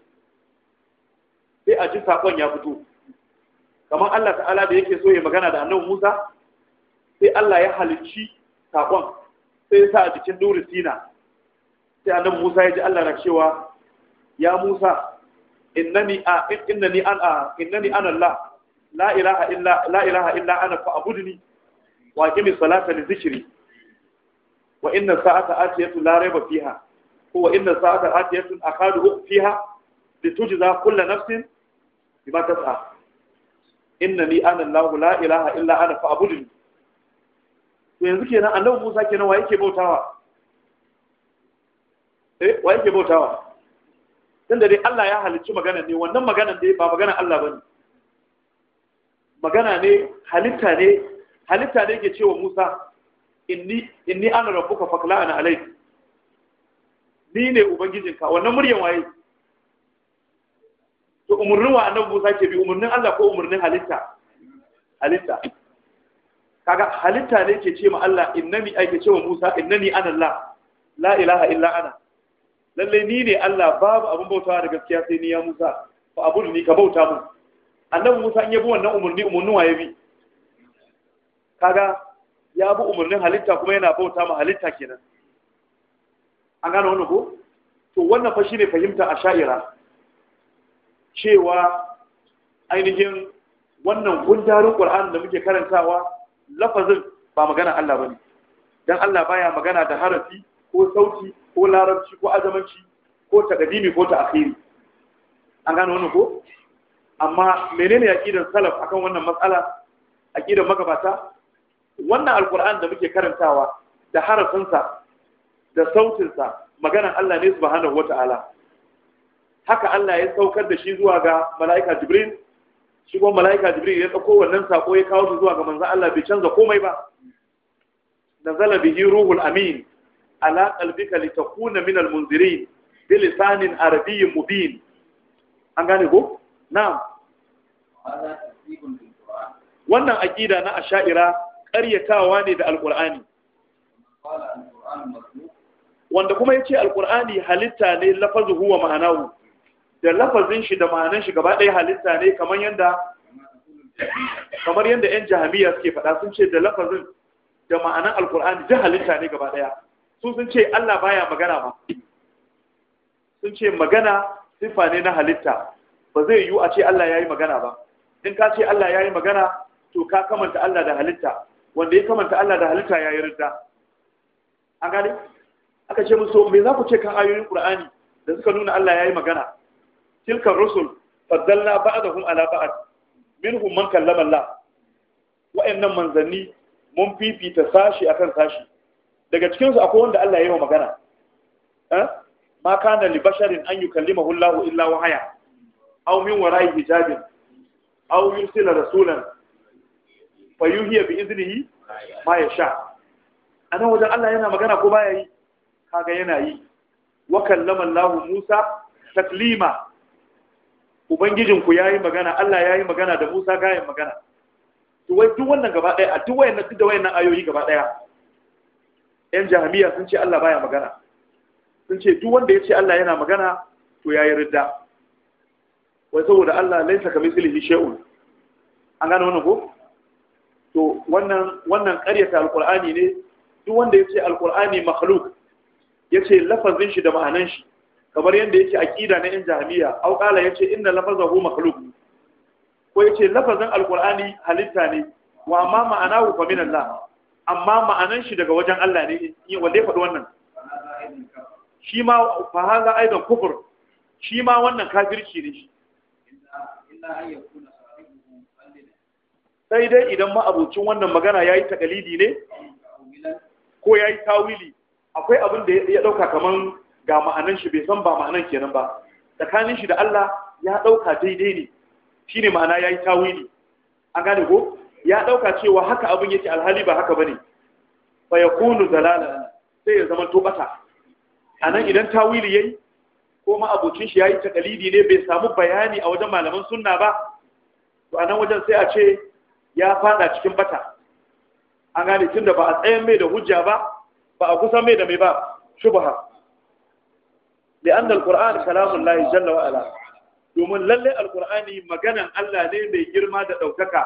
sai a ji saƙon ya fito kamar Allah ta'ala da yake so ya magana da annabi Musa sai Allah ya halicci sakon sai ya sa a jikin duri sina sai annabi Musa ya ji Allah na cewa ya Musa innani a innani an a innani an Allah la ilaha illa la ilaha illa ana fa'budni wa aqimi salata li dhikri wa inna sa'ata atiyatu la rayba fiha huwa inna sa'ata atiyatu akadu fiha litujza kullu nafsin bima tas'a ni ana Allahu la ilaha illa ana fa'budun to yanzu kenan annabi Musa kenan wa yake bautawa eh wa yake bautawa tunda dai Allah ya halicci magana ne wannan magana dai ba magana Allah bane magana ne halitta ne halitta ne ke cewa Musa inni inni ana rabbuka ana alayk ni ne ubangijinka wannan muryan waye to umurnin wa annabi Musa ke bi umarnin Allah ko umarnin halitta halitta kaga halitta ne ke ce ma Allah innani ake ce wa Musa innani ana Allah la ilaha illa ana lalle ni ne Allah babu abin bautawa da gaskiya sai ni ya Musa fa abudu ni ka bauta mun annabi Musa in ya bi wannan umurni umarnin wa ya bi kaga ya bi umarnin halitta kuma yana bauta ma halitta kenan an gane wannan ko to wannan fa shine fahimta asha'ira cewa ainihin wannan gundarin ƙwar'an da muke karantawa lafazin ba magana Allah bane Don Allah baya magana da harafi ko sauti ko larabci ko azamanci ko taqdimi ko ta'akiri. an gano wannan ko amma menene aƙidar salaf akan wannan matsala aƙidar magabata wannan alqur'an da muke karantawa da harafinsa da sautinsa maganan Allah ne subhanahu wata'ala haka Allah ya saukar da shi zuwa ga mala'ika Jibril shi kuma mala'ika Jibril ya dauko wannan sako ya kawo shi zuwa ga manzon Allah bai canza komai ba nazala bihi ruhul amin ala qalbika litakuna min almunzirin bi lisanin arabiyyin mubin an gane ko na'am wannan aqida na asha'ira ƙaryatawa ne da alqur'ani wanda kuma ya ce alqur'ani halitta ne lafazuhu wa ma'anahu da lafazin shi da ma'anan shi gaba ɗaya halitta ne kamar yadda kamar yadda ƴan jahamiya suke faɗa sun ce da lafazin da ma'anan Alƙur'ani duk halitta ne gaba ɗaya su sun ce Allah baya magana ba sun ce magana sifa ne na halitta ba zai yiwu a ce Allah ya yi magana ba in ka ce Allah ya yi magana to ka kamanta Allah da halitta wanda ya kamanta Allah da halitta ya yi ridda an gane aka ce musu me za ku ce kan ayoyin Qur'ani da suka nuna Allah ya yi magana tilka rusul faddalna ba'dahum ala ba'd minhum man kallama Allah wa'annan manzanni mun fifita sashi akan sashi daga cikinsu akwai wanda Allah ya yi wa magana eh? ma kana li basharin an yukallimahu Allah illa wahaya aw min wara'i hijabin aw yursila rasulan fa yuhiya bi idnihi ma yasha ana wajen Allah yana magana ko baya yi kaga yana yi wa kallama Allah Musa taklima ubangijinku ya yi magana Allah ya yi magana da Musa ga yin magana tuwai tun duk wannan gaba ɗaya a duk wayannan duk da wayannan ayoyi gaba ɗaya yan jahamiya sun ce Allah baya magana sun ce duk wanda ya ce Allah yana magana to ya yi ridda wai saboda Allah laisa ka mislihi shay'un an gane wannan ko to wannan wannan ƙaryata alqur'ani ne duk wanda ya ce alqur'ani makhluq ya ce lafazin shi da ma'anan shi kamar yadda yake aqida na yan jahiliya au qala yace inna lafazahu makhluq ko yace lafazan alqur'ani halitta ne wa amma ma'anahu fa min Allah amma ma'anan shi daga wajen Allah ne wanda ya faɗi wannan shi ma fa haza aidan kufur shi ma wannan kafirci ne shi sai dai idan ma'abocin wannan magana ya yi takalidi ne ko ya yi tawili akwai abin da ya ɗauka kaman ga ma'anan shi bai san ba ma'anan kenan ba tsakanin shi da Allah ya dauka daidai ne shine ma'ana yayi tawili an gane ko ya dauka cewa haka abin yake alhali ba haka bane fa yakunu dalala sai ya zama tobata anan idan tawili yayi ko ma abocin shi yayi takalidi ne bai samu bayani a wajen malaman sunna ba to anan wajen sai a ce ya fada cikin bata an gane tunda ba a tsayan mai da hujja ba ba a kusa mai da mai ba shubha لأن القرآن كلام الله جل وعلا domin lalle alkur'ani maganan Allah ne mai girma da ɗaukaka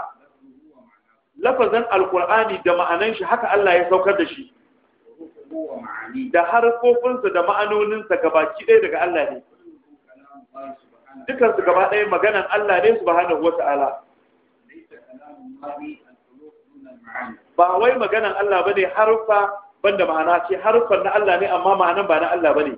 lafazan alkur'ani da ma'anan shi haka Allah ya saukar da shi da harfofinsa da ma'anoninsa gabaki ɗaya daga Allah ne dukansu gaba ɗaya maganan Allah ne su ba hannun subhanahu ala. ba wai maganan Allah bane harfa banda ma'ana ce harfan na Allah ne amma ma'anan ba na Allah bane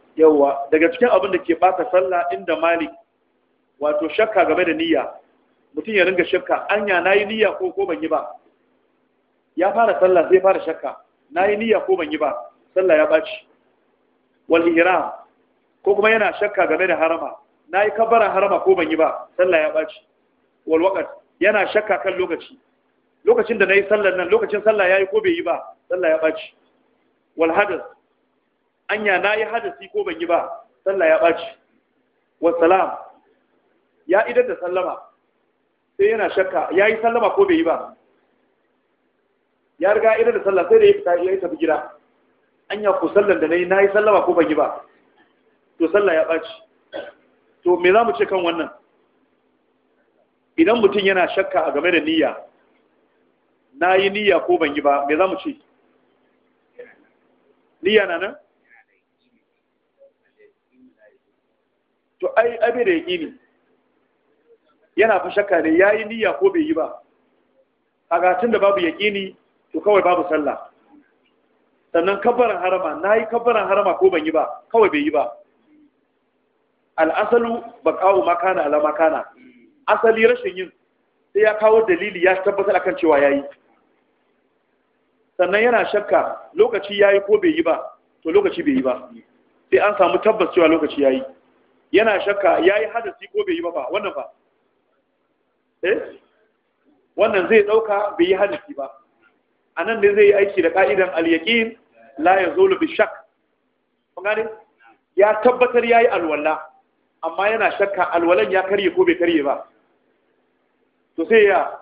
yawa daga cikin abin da ke bata sallah inda malik wato shakka game da niyya mutum ya ringa shakka anya nayi niyya ko ko ban yi ba ya fara sallah sai fara shakka nayi niyya ko ban yi ba sallah ya baci wal ihram ko kuma yana shakka game da harama nayi kabbara harama ko ban yi ba sallah ya baci wal waqt yana shakka kan lokaci lokacin da nayi sallar nan lokacin sallah yayi ko bai yi ba sallah ya baci wal hadath anya na yi hadasi ko ban yi ba sallah ya ɓaci wasalam ya idar da sallama sai yana shakka ya yi sallama ko bai yi ba ya riga idar da sallah sai da ya fita ya tafi gida anya ko sallan da na yi na yi sallama ko ban yi ba to sallah ya ɓaci to me za mu ce kan wannan idan mutum yana shakka a game da niyya na yi niyya ko ban yi ba me za mu ce niyya na nan to ai abin da ne yana fi shakka ne yayi niyya ko bai yi ba kaga da babu ne to kawai babu sallah sannan kabbaran harama nayi kabbaran harama ko ban yi ba kawai bai yi ba al'asalu baqa'u makana ala makana asali rashin yin sai ya kawo dalili ya tabbatar akan cewa yayi sannan yana shakka lokaci yayi ko bai yi ba to lokaci bai yi ba sai an samu tabbas cewa lokaci yayi yana shakka ya yi hadasi ko bai yi ba ba wannan ba eh wannan zai ɗauka bai yi hadasi ba a nan ne zai yi aiki da ƙa'idan al-yaƙin la ya zo shak kun gane ya tabbatar ya yi alwala amma yana shakka alwalan ya karye ko bai karye ba to sai ya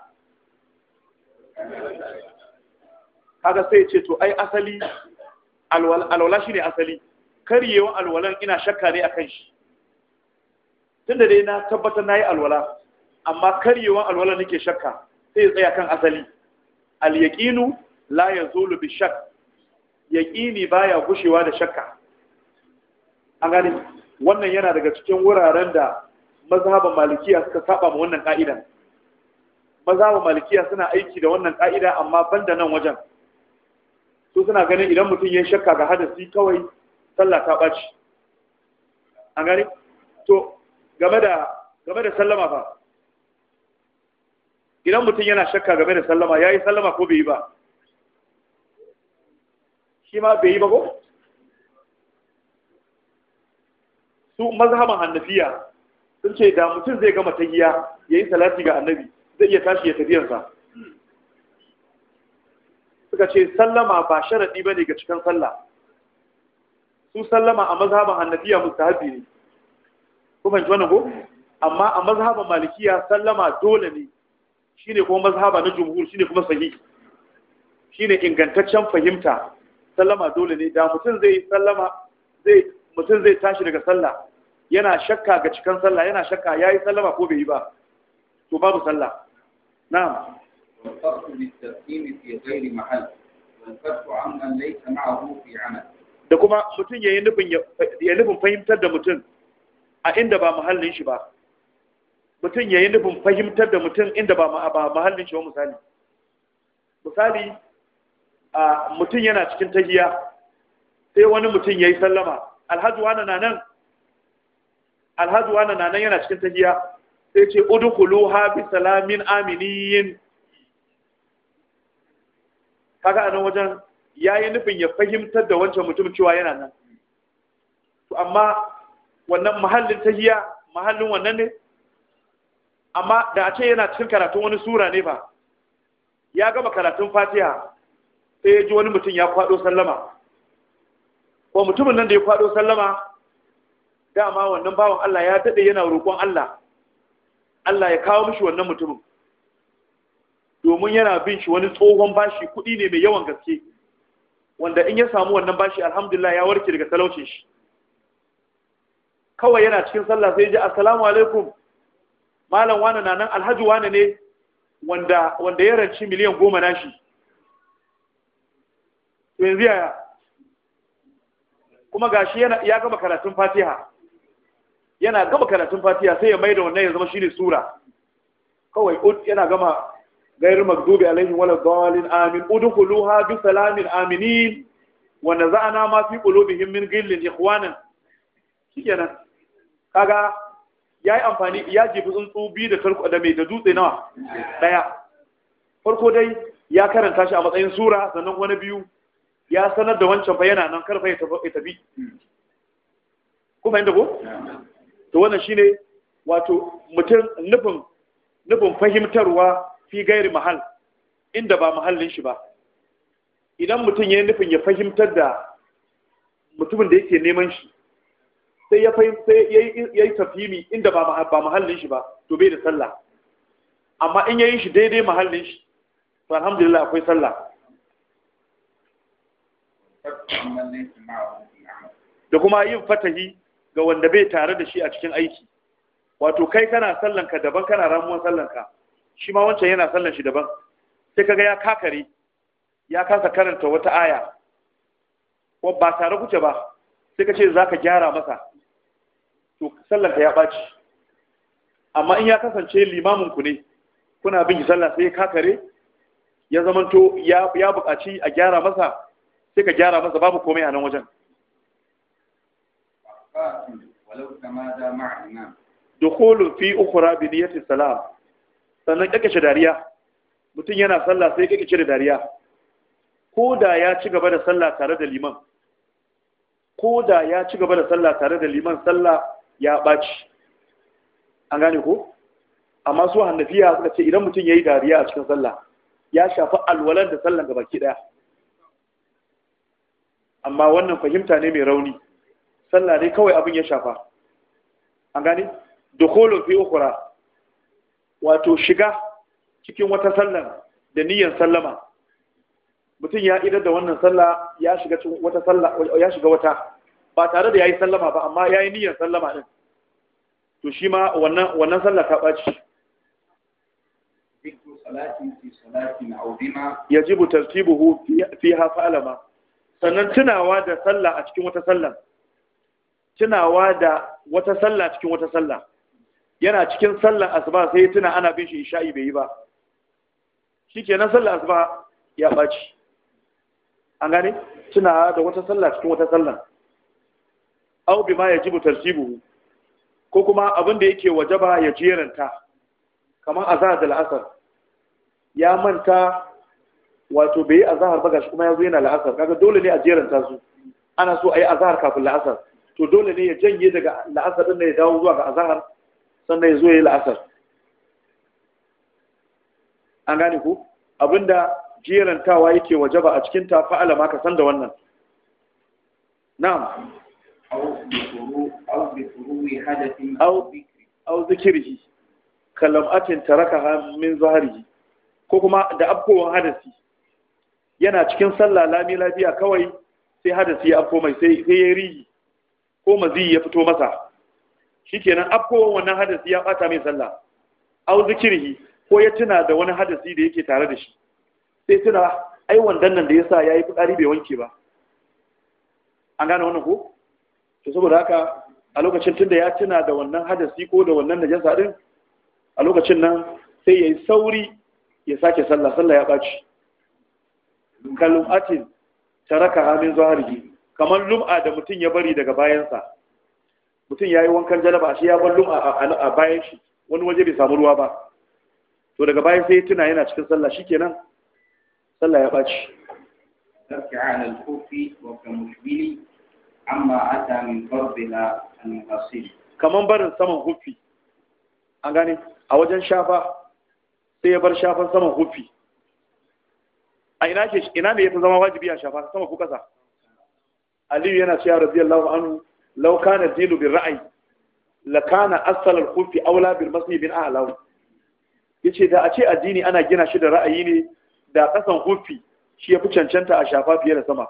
kaga sai ce to ai asali alwala shine asali karyewan alwalan ina shakka ne akan shi tunda dai na tabbatar yi alwala amma karyewan alwala nake shakka sai ya tsaya kan asali al yaqinu la yazulu bi shakk yaqini baya gushewa da shakka an gani wannan yana daga cikin wuraren da mazhaban malikiya suka saba ma wannan ka'idan mazhaban malikiya suna aiki da wannan ka'ida amma banda nan wajen su suna ganin idan mutum ya shakka ga hadasi kawai sallah ta ɓaci an gani to game da sallama fa idan mutum yana shakka game da sallama ya yi sallama ko bai yi ba shi ma bai yi ba ko su mazhaban hannafiya sun ce da mutum zai gama tahiya ya yi salati ga annabi zai iya tashi ya tafiyarsa suka ce sallama ba sharaɗi ba ne ga cikin sallah su sallama a mazhaban hannafiya mustahabi ne ko fahimci wannan ko amma a mazhaban malikiya sallama dole ne shine kuma mazhaba na jumhur shine kuma sahihi shine ingantaccen fahimta sallama dole ne da mutum zai sallama zai mutum zai tashi daga sallah yana shakka ga cikan sallah yana shakka yayi sallama ko bai yi ba to babu sallah na'am da kuma mutum ya yi nufin fahimtar da mutum a inda ba muhallin shi ba mutum ya yi nufin fahimtar da mutum inda ba muhallin shi ba misali misali a mutum yana cikin tahiya sai wani mutum ya yi sallama alhaji wani na nan alhaji wani na nan yana cikin tahiya sai ce udkhulu ha bi salamin aminin kaga anan wajen yayi nufin ya fahimtar da wancan mutum cewa yana nan to amma wannan mahallin tahiya mahallin wannan ne amma da a ce yana cikin karatun wani sura ne ba ya gama karatun fatiha sai ya ji wani mutum ya kwado sallama ko mutumin nan da ya kwado sallama dama wannan bawan Allah ya daɗe yana roƙon Allah Allah ya kawo mishi wannan mutumin domin yana bin shi wani tsohon bashi kuɗi ne mai yawan gaske wanda in ya samu wannan bashi alhamdulillah ya warke daga talaucin shi kawai yana cikin sallah sai ya ji assalamu alaikum malam wani na nan alhaji wani ne wanda wanda ya ranci miliyan goma na to yanzu yaya kuma gashi yana ya gama karatun fatiha yana gama karatun fatiha sai ya mai da wannan ya zama shine sura kawai yana gama gairu magdubi alaihi wala dalin amin udkhuluha bi salamin aminin wa naza'na ma fi qulubihim min ghillin ikhwanan shikenan kaga ya yi amfani ya jefi tsuntsu biyu da tarko da mai da dutse nawa daya farko dai ya karanta shi a matsayin sura sannan wani biyu ya sanar da wancan fa yana nan karfa ya tafi kuma inda ko to wannan shine wato mutum nufin nufin fahimtarwa fi gairi mahal inda ba mahallin shi ba idan mutum ya nufin ya fahimtar da mutumin da yake neman shi sai ya yi tafhimi inda ba mahallin shi ba to bai da sallah amma in yayin shi daidai mahallin shi to alhamdulillah akwai sallah da kuma yin fatahi ga wanda bai tare da shi a cikin aiki wato kai kana sallanka daban kana ramuwan sallanka shi ma wancan yana sallan shi daban sai kaga ya kakare ya kasa karanta wata aya ko ba tare kuce ba sai ka ce za ka gyara masa to sallar ya ɓaci amma in ya kasance limaminku ku ne kuna bin sallah sai kakare ya zamanto ya ya buƙaci a gyara masa sai ka gyara masa babu komai a nan wajen dukhulu fi ukhra bi niyyati salam sannan kake dariya mutum yana sallah sai kake da dariya ko da ya ci gaba da sallah tare da liman ko da ya ci gaba da sallah tare da liman sallah ya ɓaci an gane ko amma su hannafiya suka ce idan mutum ya yi dariya a cikin sallah ya shafi alwalar da sallan ga baki ɗaya amma wannan fahimta ne mai rauni sallah ne kawai abin ya shafa an gane kolo fi ukura wato shiga cikin wata sallan da niyyar sallama mutum ya idar da wannan sallah ya shiga wata sallah ya shiga wata ba tare da ya yi sallama ba amma ya yi niyyar sallama ɗin to shi ma wannan sallah ta ɓaci ya ji tibuhu fi hafa alama sannan tunawa da sallah a cikin wata sallah tunawa da wata sallah cikin wata sallah yana cikin sallah asuba sai tuna ana bin shi isha'i bai yi ba shi ke nan sallah asuba ya ɓaci an gane tunawa da wata sallah cikin wata sallah aw bima yajibu tarjibuhu ko kuma abin da yake wajaba ya jeranta kamar azhar da la'asar ya manta wato bai yi azhar ba gashi kuma ya zo yana la'asar kaga dole ne a jeranta su ana so a yi azhar kafin la'asar to dole ne ya janye daga la'asar din ya dawo zuwa ga azhar sannan ya zo ya yi la'asar an gane ku abinda jerantawa yake wajaba a cikin ta fa'ala ma ka san da wannan na'am au zikirhi kalamatin tarakaha min zahrihi ko kuma da afkowar hadasi yana cikin sallah lami lafiya kawai sai hadasi ya afko mai sai ya rigi ko mazi ya fito masa shikenan afkowar wannan hadasi ya bata mai sallah au zikirhi ko ya tuna da wani hadasi da yake tare da shi sai tuna ai wandan nan da yasa yayi fitsari bai wanke ba an gane wannan ko to saboda haka a lokacin tunda ya tuna da wannan hadasi ko da wannan najasa din a lokacin nan sai yayi sauri ya sake sallah sallah ya baci kalum atin taraka amin zahiri kamar lum'a da mutum ya bari daga bayansa mutum ya yi wankan jalaba shi ya bar lum'a a bayan shi wani waje bai samu ruwa ba to daga bayan sai tuna yana cikin sallah shikenan sallah ya ɓaci amma ata min qabbiha an muqassim kaman barin saman hufi an gane a wajen shafa sai ya bar shafan saman hufi a ina ke ina ne yafi zama wajibi a shafa sama ko kasa aliyu yana cewa radiyallahu anhu law kana dilu bil ra'ayi la kana asal al-hufi aula bil masni bin a'law yace da a ce addini ana gina shi da ra'ayi ne da kasan hufi shi yafi cancanta a shafa fiye da sama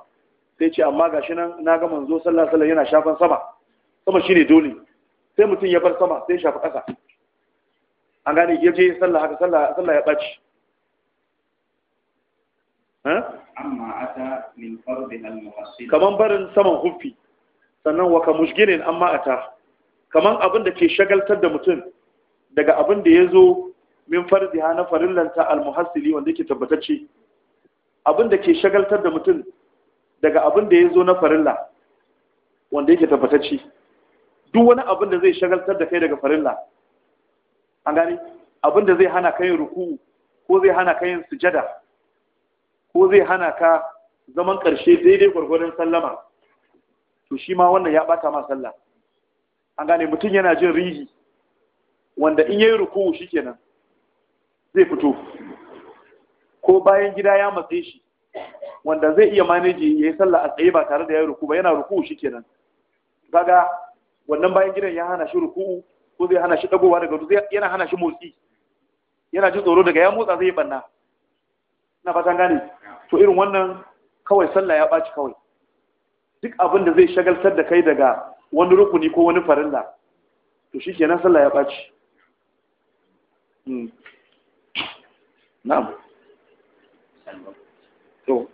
sai ce amma gashi nan na ga manzo sallallahu alaihi yana shafan sama sama shine dole sai mutum ya bar sama sai ya shafi ƙasa an gane ya je sallah haka sallah sallah ya ɓaci amma ata min fardin al-muhassil kaman barin saman huffi sannan wa ka mushgilin amma ata kaman abin da ke shagaltar da mutum daga abin da ya zo min fardiha na farillanta al-muhassili wanda yake tabbatacce abin da ke shagaltar da mutum daga abin da ya zo na farilla wanda yake tabbatacci duk wani abin da zai shagaltar da kai daga farilla an gani abin da zai hana ka yin ruku ko zai hana ka sujada ko zai hana ka zaman ƙarshe daidai gwargwadon sallama to shi ma wannan ya ɓata ma sallah an gane mutum yana jin rihi wanda in yayi ruku shikenan zai fito ko bayan gida ya matse shi wanda zai iya maneji ya yi sallah a tsaye ba tare da ya yi ruku ba yana ruku shi kenan kaga wannan bayan gidan ya hana shi ruku ko zai hana shi dagowa daga dutse yana hana shi motsi yana jin tsoro daga ya motsa zai banna na fatan gane to irin wannan kawai sallah ya ɓaci kawai duk abin da zai shagaltar da kai daga wani rukuni ko wani farilla to shi kenan sallah ya ɓaci hmm. na'am So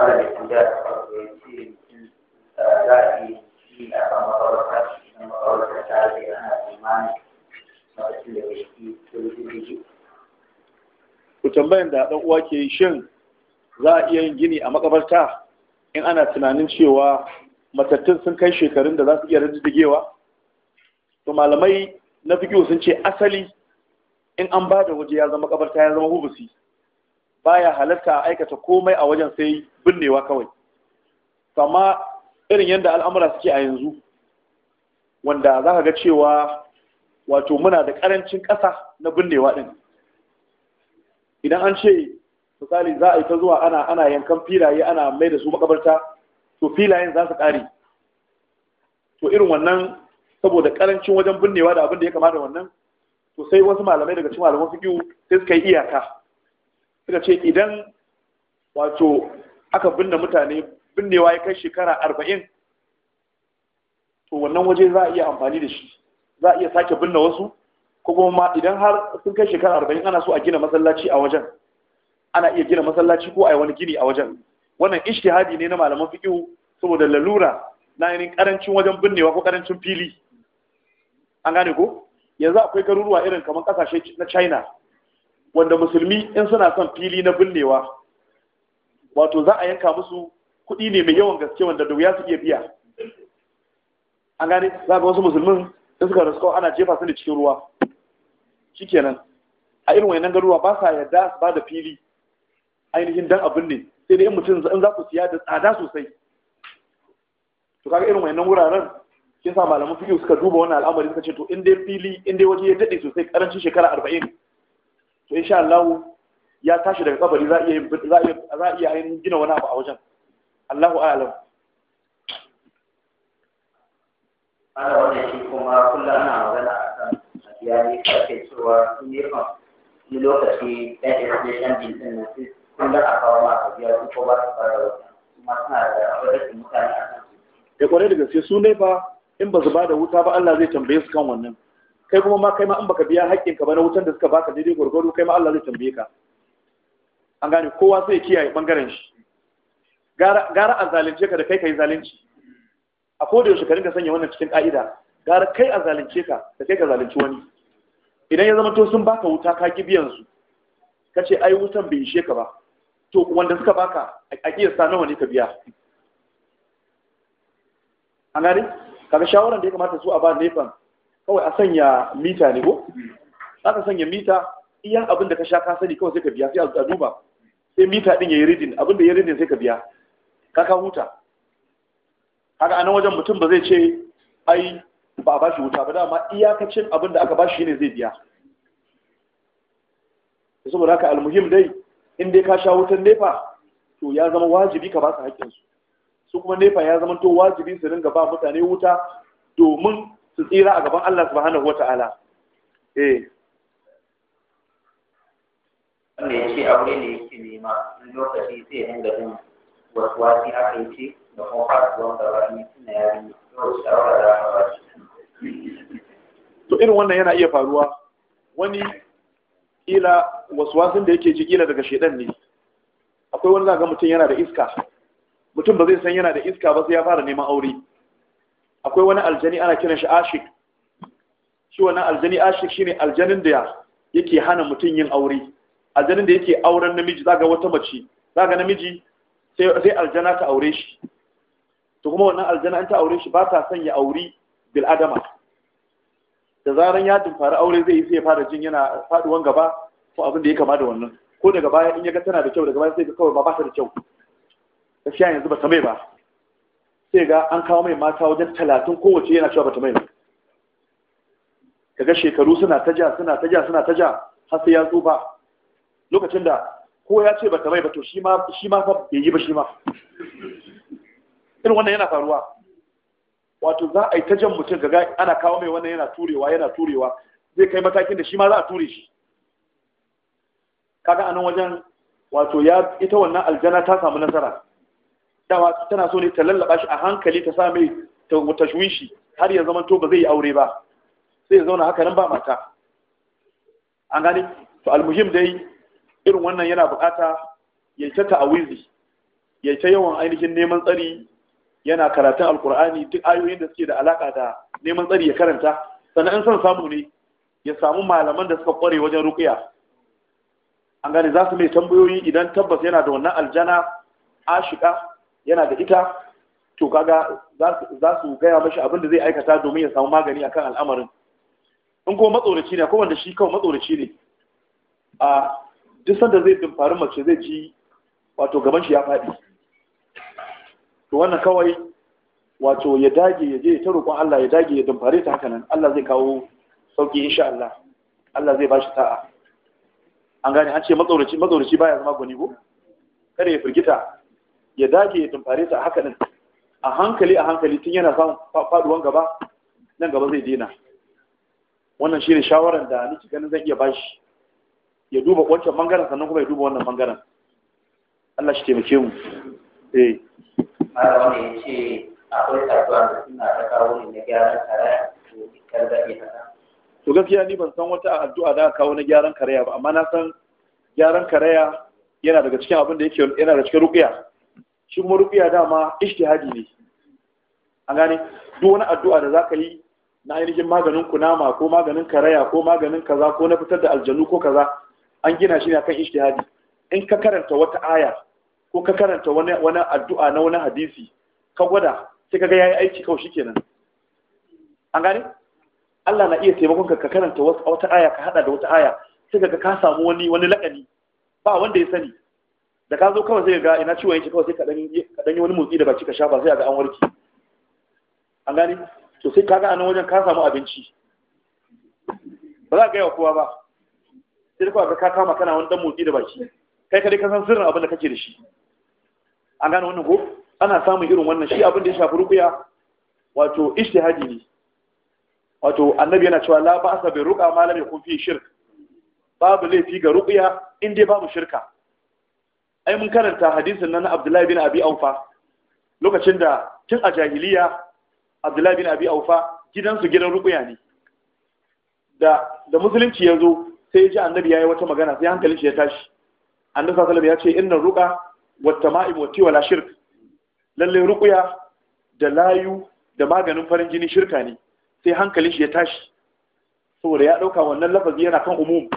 ana da tambaya ta farko ya ce eh, za a yi shi a kan makawarta shi na makawarta ta zai ana imani lokacin da ya ci turbi ku tambayan da ɗan uwa ke shin za a iya yin gini a makabarta in ana tunanin cewa matattun sun kai shekarun da za su iya rinjigewa to malamai na fikiyo sun ce asali in an ba da waje ya zama makabarta ya zama hubusi baya halatta aikata komai a wajen sai binnewa kawai amma irin yadda al'amura suke a yanzu wanda za ka ga cewa wato muna da ƙarancin ƙasa na binnewa ɗin idan an ce misali za a yi ta zuwa ana ana yankan filaye ana mai da su makabarta to filayen za su ƙare to irin wannan saboda ƙarancin wajen binnewa da abin da ya kamata wannan to sai wasu malamai daga cikin malaman sai suka yi iyaka suka ce idan wato aka binne mutane binnewa ya kai shekara arba'in to wannan waje za a iya amfani da shi za a iya sake binne wasu ko kuma ma idan har sun kai shekara arba'in ana so a gina masallaci a wajen ana iya gina masallaci ko a yi wani gini a wajen wannan ishtihadi ne na malaman fiqh saboda lalura na yin karancin wajen binnewa ko karancin fili an gane ko yanzu akwai garuruwa irin kamar kasashe na China wanda musulmi in suna son fili na binnewa wato za a yanka musu kuɗi ne mai yawan gaske wanda da wuya su iya biya an gane za ga wasu musulmin in suka rasu ana jefa su ne cikin ruwa shikenan a irin wayannan garuruwa ba sa yadda ba da fili ainihin dan abin ne sai da in mutum in za ku siya da tsada sosai to kaga irin wayannan wuraren sa malaman fiqh suka duba wannan al'amari suka ce to in dai fili in dai waje ya dade sosai karancin shekara arba'in. to insha Allah ya tashi daga kabari za iya za iya yin gina wani abu a wajen Allahu a'lam ana wannan shi kuma kullum ana magana akan yayi kake cewa sun yi kan ni lokaci ɗan irin ɗin ɗin kullum a kawo ma a biya su ko ba su fara wajen kuma suna da rashin mutane a kan su. Ya eh, kware da gaske su ne fa in ba su ba da wuta ba Allah zai tambaye su kan wannan. kai kuma ma kai ma in baka biya haƙƙin ka ba na wutan da suka baka daidai gwargwado kai ma Allah zai tambaye ka an gane kowa sai ya kiyaye bangaren shi gara gara a zalunce ka da kai kai zalunci a koda yaushe ka rinka sanya wannan cikin ka'ida gara kai a zalunce ka da kai ka zalunci wani idan ya zama to sun baka wuta ka ki biyan su ka ce ai wutan bai ishe ka ba to wanda suka baka a kiyasta nawa ne ka biya an gane kaga shawaran da ya kamata su a ba nefan kawai a sanya mita ne ko ka sanya mita iya abin da ka sha ka sani kawai sai ka biya sai a duba sai mita din yayi reading abin da yayi reading sai ka biya ka ka huta haka anan wajen mutum ba zai ce ai ba a bashi wuta ba dama iyakacin abin da aka bashi ne zai biya saboda haka almuhim dai in dai ka sha wutan nefa to ya zama wajibi ka ba su haƙƙinsu su kuma nefa ya zama to wajibi su dinga ba mutane wuta domin su tsira a gaban Allah subhanahu wata'ala eh wanda ya ce aure ne yake nema lokaci sai ya dinga jin wasu wasi aka yi ce da kuma fasuwan da wani suna yari yau shawara da hawa to irin wannan yana iya faruwa wani kila wasin da yake ji kila daga shedan ne akwai wani zaga mutum yana da iska mutum ba zai san yana da iska ba sai ya fara neman aure akwai wani aljani ana kiran shi ashik shi wannan aljani ashik shine aljanin da yake hana mutum yin aure aljanin da yake auren namiji zaga wata mace zaga namiji sai aljana ta aure shi to kuma wannan aljana an ta aure shi ba ta son ya auri bil adama da zaran ya fara aure zai yi sai ya fara jin yana faduwan gaba ko abin da ya kama da wannan ko daga baya in ya ga tana da kyau daga baya sai ka kawai ba ba ta da kyau gaskiya yanzu ba ta mai ba sai ga an kawo mai mata wajen talatin kowace yana cewa bata mai nan kaga shekaru suna ta ja suna ta ja suna ta ja har sai ya tsufa lokacin da ko ya ce bata mai ba to shi ma fa bai yi ba shi ma irin wannan yana faruwa wato za a yi ta jan mutum kaga ana kawo mai wannan yana turewa yana turewa zai kai matakin da shi ma za a ture shi kaga anan wajen wato ya ita wannan aljana ta samu nasara dawa tana so ne ta lallaba shi a hankali ta sa mai tashwishi har ya zama to ba zai yi aure ba sai ya zauna haka nan ba mata an gani to almuhim dai irin wannan yana bukata ya ta ta'awizi ya ta yawan ainihin neman tsari yana karatun alkur'ani duk ayoyin da suke da alaka da neman tsari ya karanta sannan in son samu ne ya samu malaman da suka kware wajen rukiya an gane za su mai tambayoyi idan tabbas yana da wannan aljana ashika yana da ita to kaga za su gaya mashi abin da zai aikata domin ya samu magani akan al'amarin in kuma matsoraci ne ko wanda shi kawai matsoraci ne a duk sanda zai dumfari mace zai ji wato gaban shi ya faɗi to wannan kawai wato ya dage ya je ta roƙon Allah ya dage ya dumfare ta haka nan Allah zai kawo sauki insha Allah Allah zai bashi ta'a an gane an ce matsoraci matsoraci baya zama gwani ko kada ya firgita ya dage ya tumfare a haka nan a hankali a hankali tun yana samun faduwan gaba nan gaba zai dina wannan shi ne shawaran da ni ganin zan iya bashi ya duba wancan bangaren sannan kuma ya duba wannan bangaren Allah shi taimake mu eh Allah ne ce akwai saduwa da suna ta kawo ne na gyaran karaya ko kar da ke haka to gaskiya ni ban san wata addu'a da kawo na gyaran karaya ba amma na san gyaran karaya yana daga cikin abin da yake yana daga cikin rukiya shi kuma rukiya dama ijtihadi ne an gane duk wani addu'a da za ka yi na ainihin maganin kunama ko maganin karaya ko maganin kaza ko na fitar da aljanu ko kaza an gina shi ne akan ijtihadi in ka karanta wata aya ko ka karanta wani addu'a na wani hadisi ka gwada sai kaga yayi aiki kawai shikenan an gane Allah na iya taimakon ka karanta wata aya ka hada da wata aya sai kaga ka samu wani wani lakani ba wanda ya sani da ka zo kawai sai ga ina ciwon yake kawai sai ka dan yi wani motsi da baki ka sha ba sai ga an warke an gani to sai ga anan wajen ka samu abinci ba za ka gaya wa kowa ba sai kawai ka kama kana wani dan motsi da baki kai kadai ka san sirrin abin da kake da shi an gane wannan ko ana samun irin wannan shi abin da ya shafi rukuya wato ijtihadi ne wato annabi yana cewa la ba bi ruqa ma lam yakun fi shirka babu laifi ga rukuya in dai babu shirka ai mun karanta hadisin nan na Abdullahi bin Abi Aufa lokacin da tun a jahiliya Abdullahi bin Abi Aufa gidansu gidan rukuya ne da da musulunci ya zo sai ya ji annabi yayi wata magana sai hankalin shi ya tashi annabi sallallahu alaihi wasallam ya ce inna ruqa wat tama'im tiwa wala shirk lalle rukuya da layu da maganin farin jini shirka ne sai hankalin shi ya tashi saboda ya dauka wannan lafazi yana kan umum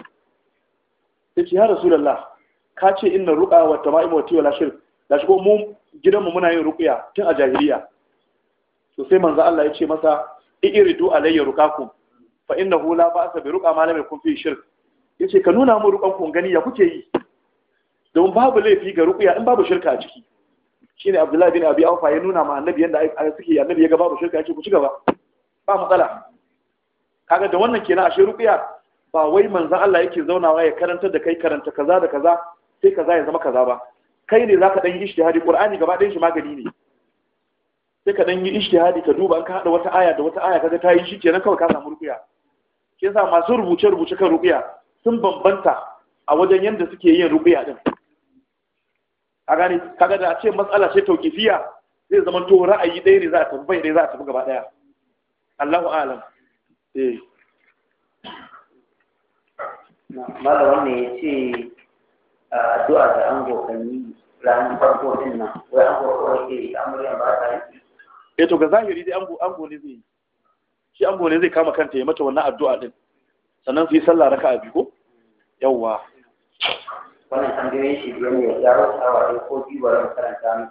sai ya rasulullahi ka ce inna ruqa wa tama'im wa tiwa la shirk da shi ko mu gidanmu muna yin ruqya tun a jahiliya to sai manzo Allah ya ce masa iridu alayya ruqakum fa innahu la ba'sa bi ruqa ma lam yakun fi shirk yace ka nuna mu ruqan kun gani ya kuke yi don babu laifi ga ruqya in babu shirka a ciki shine Abdullahi bin Abi Awfa ya nuna ma annabi yanda suke annabi ya ga babu shirka yace ku ci gaba ba matsala kaga da wannan kenan ashe ruqya ba wai manzon Allah yake zaunawa ya karantar da kai karanta kaza da kaza sai kaza ya zama kaza ba kai ne za ka ɗan yi ishtihadi ƙur'ani gaba ɗayan shi magani ne sai ka ɗan yi ishtihadi ka duba an ka haɗa wata aya da wata aya kaga ta yi shi kenan kawai ka samu rukiya shi yasa masu rubuce rubuce kan rukiya sun bambanta a wajen yadda suke yin rukiya din a gane kaga da a ce matsala ce taukifiya zai zama to ra'ayi ɗaya ne za a tafi bai ɗaya za a tafi gaba ɗaya Allahu alam eh na malam ne ya ce addu'a da ango kan yi ranar farko din nan an ango kawai ke amuryan ba ta yi eh to ga zahiri dai an ango ne zai shi ango ne zai kama kanta ya mata wannan addu'a din sannan su yi sallah raka'a biyu ko yawwa wannan tambayoyin shi don ne ya rasa wa dai ko biyu bari makaranta ne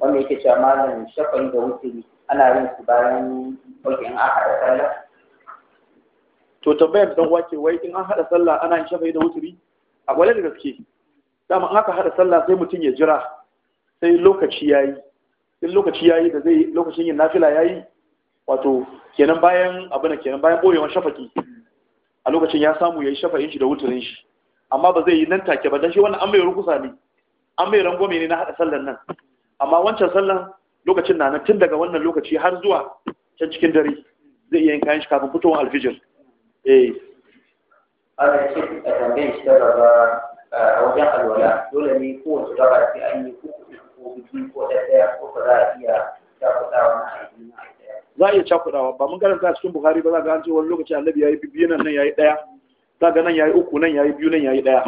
wanda yake cewa malam shafari da wuturi ana yin su bayan ɗauke a haɗa sallah to tambayar dan wake wai in an haɗa sallah ana yin shafari da wuturi a kwalle da gaske dama aka haɗa sallah sai mutum ya jira sai lokaci ya yi in lokaci ya yi da zai lokacin yin nafila ya yi wato kenan bayan abin da kenan bayan ɓoyewar shafaki a lokacin ya samu ya yi shafa'in shi da wuturin shi amma ba zai yi nan take ba don shi wannan an mai rukusa ne an mai rangwame ne na haɗa sallan nan amma wancan sallan lokacin na nan tun daga wannan lokaci har zuwa can cikin dare zai iya yin kayan shi kafin fitowar alfijir eh a tambayin shi ta gaba a wajen alwala dole ne wasu gaba sai an yi uku ko biki, ko ɗaya ko ba za a iya cakuɗawa na aiki za a iya cakuɗawa ba mun karanta cikin buhari ba za ga an ce wani lokaci annabi ya yi biyu nan nan ya yi ɗaya za ga nan ya yi uku nan ya yi biyu nan ya yi ɗaya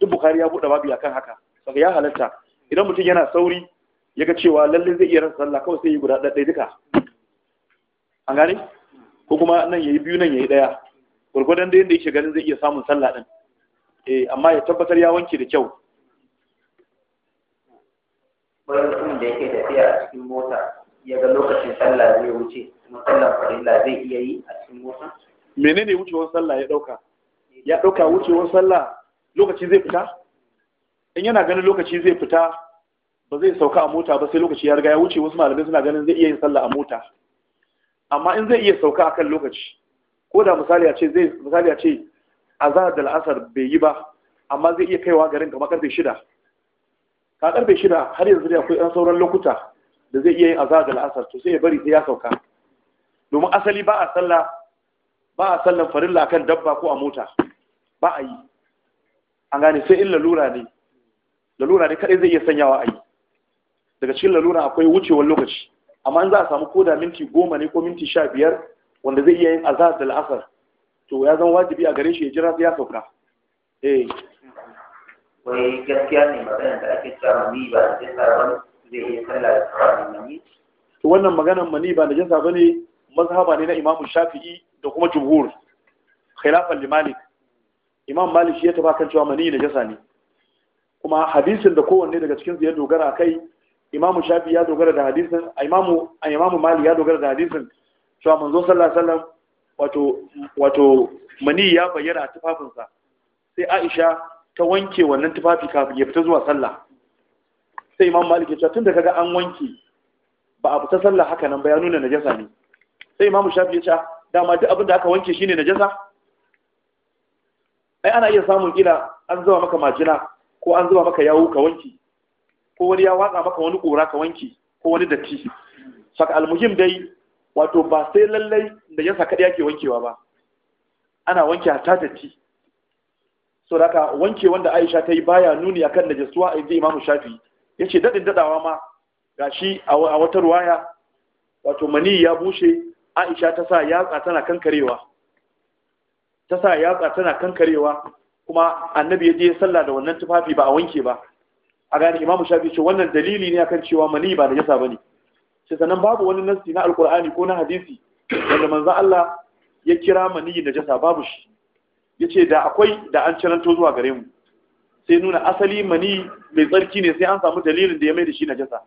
duk buhari ya buɗe babu kan haka saka ya halatta idan mutum yana sauri ya ga cewa lallai zai iya rasa sallah kawai sai yi guda ɗaya duka an gane ko kuma nan ya yi biyu nan ya yi ɗaya gwargwadon da yadda yake ganin zai iya samun sallah ɗin Eh, amma ya tabbatar ya wanke da kyau bayan mutum da yake tafiya a cikin mota ya ga lokacin sallah zai wuce kuma sallah farilla zai iya yi a cikin mota menene wucewar sallah ya dauka ya dauka wucewar sallah lokaci zai fita in yana ganin lokaci zai fita ba zai sauka a mota ba sai lokaci ya riga ya wuce wasu malamai suna ganin zai iya yin sallah a mota amma in zai iya sauka akan lokaci ko da misali a ce zai misali a ce azhar da la'asar bai yi ba amma zai iya kaiwa garin kama karfe shida ka karfe shida har yanzu da akwai yan sauran lokuta da zai iya yin azhar da la'asar to sai ya bari sai ya sauka domin asali ba a sallah ba a sallan farilla kan dabba ko a mota ba a yi an gane sai in lalura ne lalura ne kadai zai iya sanyawa a yi daga cikin lalura akwai wucewar lokaci amma in za a samu koda minti goma ne ko minti sha biyar wanda zai iya yin azhar da la'asar to ya zama wajibi a gare shi ya jira sai ya sauka eh wai gaskiya ne magana da ake cewa ni ba da jasa ba zai iya sallah da tsawon mani to wannan maganan mani ba da jasa ba ne mazhaba ne na imamu shafi'i da kuma jumhur khilafan Limalik, imam malik shi ya taba kan cewa mani da jasa ne kuma hadisin da kowanne daga cikin su ya dogara a kai imamu shafi ya dogara da hadisin imamu Imam malik ya dogara da hadisin cewa manzo sallallahu alaihi wasallam wato mani ya bayyana a tufafinsa sai Aisha ta wanke wannan tufafi kafin ya fita zuwa sallah sai Imam Malik ya ce tunda kaga an wanke ba a fita sallah haka nan ba ya nuna najasa ne sai Imam Shafi ya ce dama duk abin da aka wanke shine najasa ai ana iya samun kila an zuba maka majina ko an zuba maka yawo ka wanke ko wani ya watsa maka wani kora ka wanke ko wani datti saka almuhim dai wato ba sai lallai da yasa kaɗai ake wankewa ba ana wanke a da ti so da wanke wanda aisha ta yi baya nuni akan najasuwa a inda imamu shafi ya ce daɗin daɗawa ma ga shi a wata ruwaya wato mani ya bushe aisha ta sa yatsa tana kankarewa ta sa yatsa tana kankarewa kuma annabi ya je sallah da wannan tufafi ba a wanke ba a gane imamu shafi ce wannan dalili ne akan cewa mani ba da yasa bane sai sannan babu wani nasi na alkur'ani ko na hadisi wanda manzo Allah ya kira mani da jasa babu shi yace da akwai da an ciranto zuwa gare mu sai nuna asali mani mai tsarki ne sai an samu dalilin da ya mai da shi najasa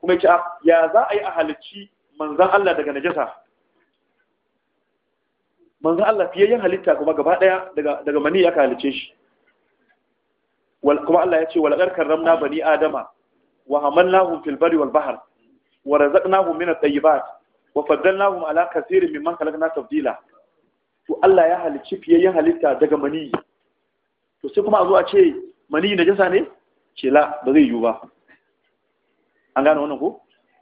kuma ce ah, ya za a yi a halicci manzan Allah daga najasa manzan Allah fiye yin halitta kuma gaba daya daga mani aka halicce shi kuma Allah ya ce walakar karramna bani adama wa hamalnahum fil bari wal bahr wa razaqnahum min at-tayyibat wa faddalnahum ala kaseerin mimman khalaqna tafdila to Allah ya halicci fiye yin halitta daga mani to sai kuma a zo a ce mani jasa ne ce la ba zai yiwu ba an gane wannan ko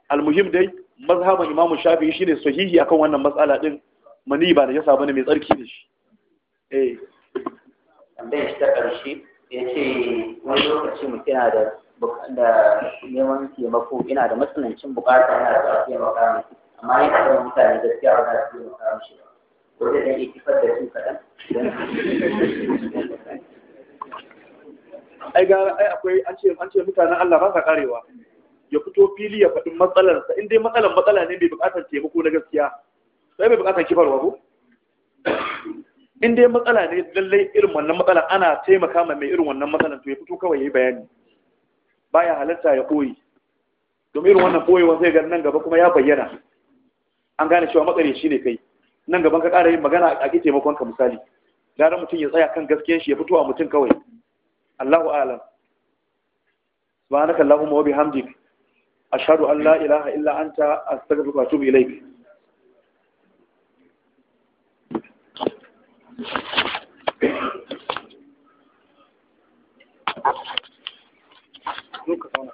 almuhim dai mazhaban imam shafi'i shine sahihi akan wannan matsala din mani ba najasa bane mai tsarki ne shi eh shi ta karshe yace wani lokaci mutum yana da da neman taimako ina da matsanancin bukata na da taimaka mishi amma yana da mutane gaskiya ba za su taimaka mishi ko da dan ikifar da su kaɗan ai ga ai akwai an ce an ce mutanen Allah ba sa karewa ya fito fili ya faɗi matsalarsa in dai matsalar matsala ne bai buƙatar taimako na gaskiya sai bai buƙatar kifarwa ko in dai matsala ne lallai irin wannan matsalar ana taimaka ma mai irin wannan matsalar to ya fito kawai ya yi bayani baya halarta ya koyi domin irin wannan koyewa zai ga nan gaba kuma ya bayyana an gane cewa matsare shi ne kai nan gaban ka ƙara yin magana a ƙi taimakon ka misali gara mutum ya tsaya kan gaskiyar shi ya fito a mutum kawai Allahu a'lam subhanaka allahumma wa bihamdik ashhadu an la ilaha illa anta astaghfiruka wa atubu ilayk Thank you. zo ka zauna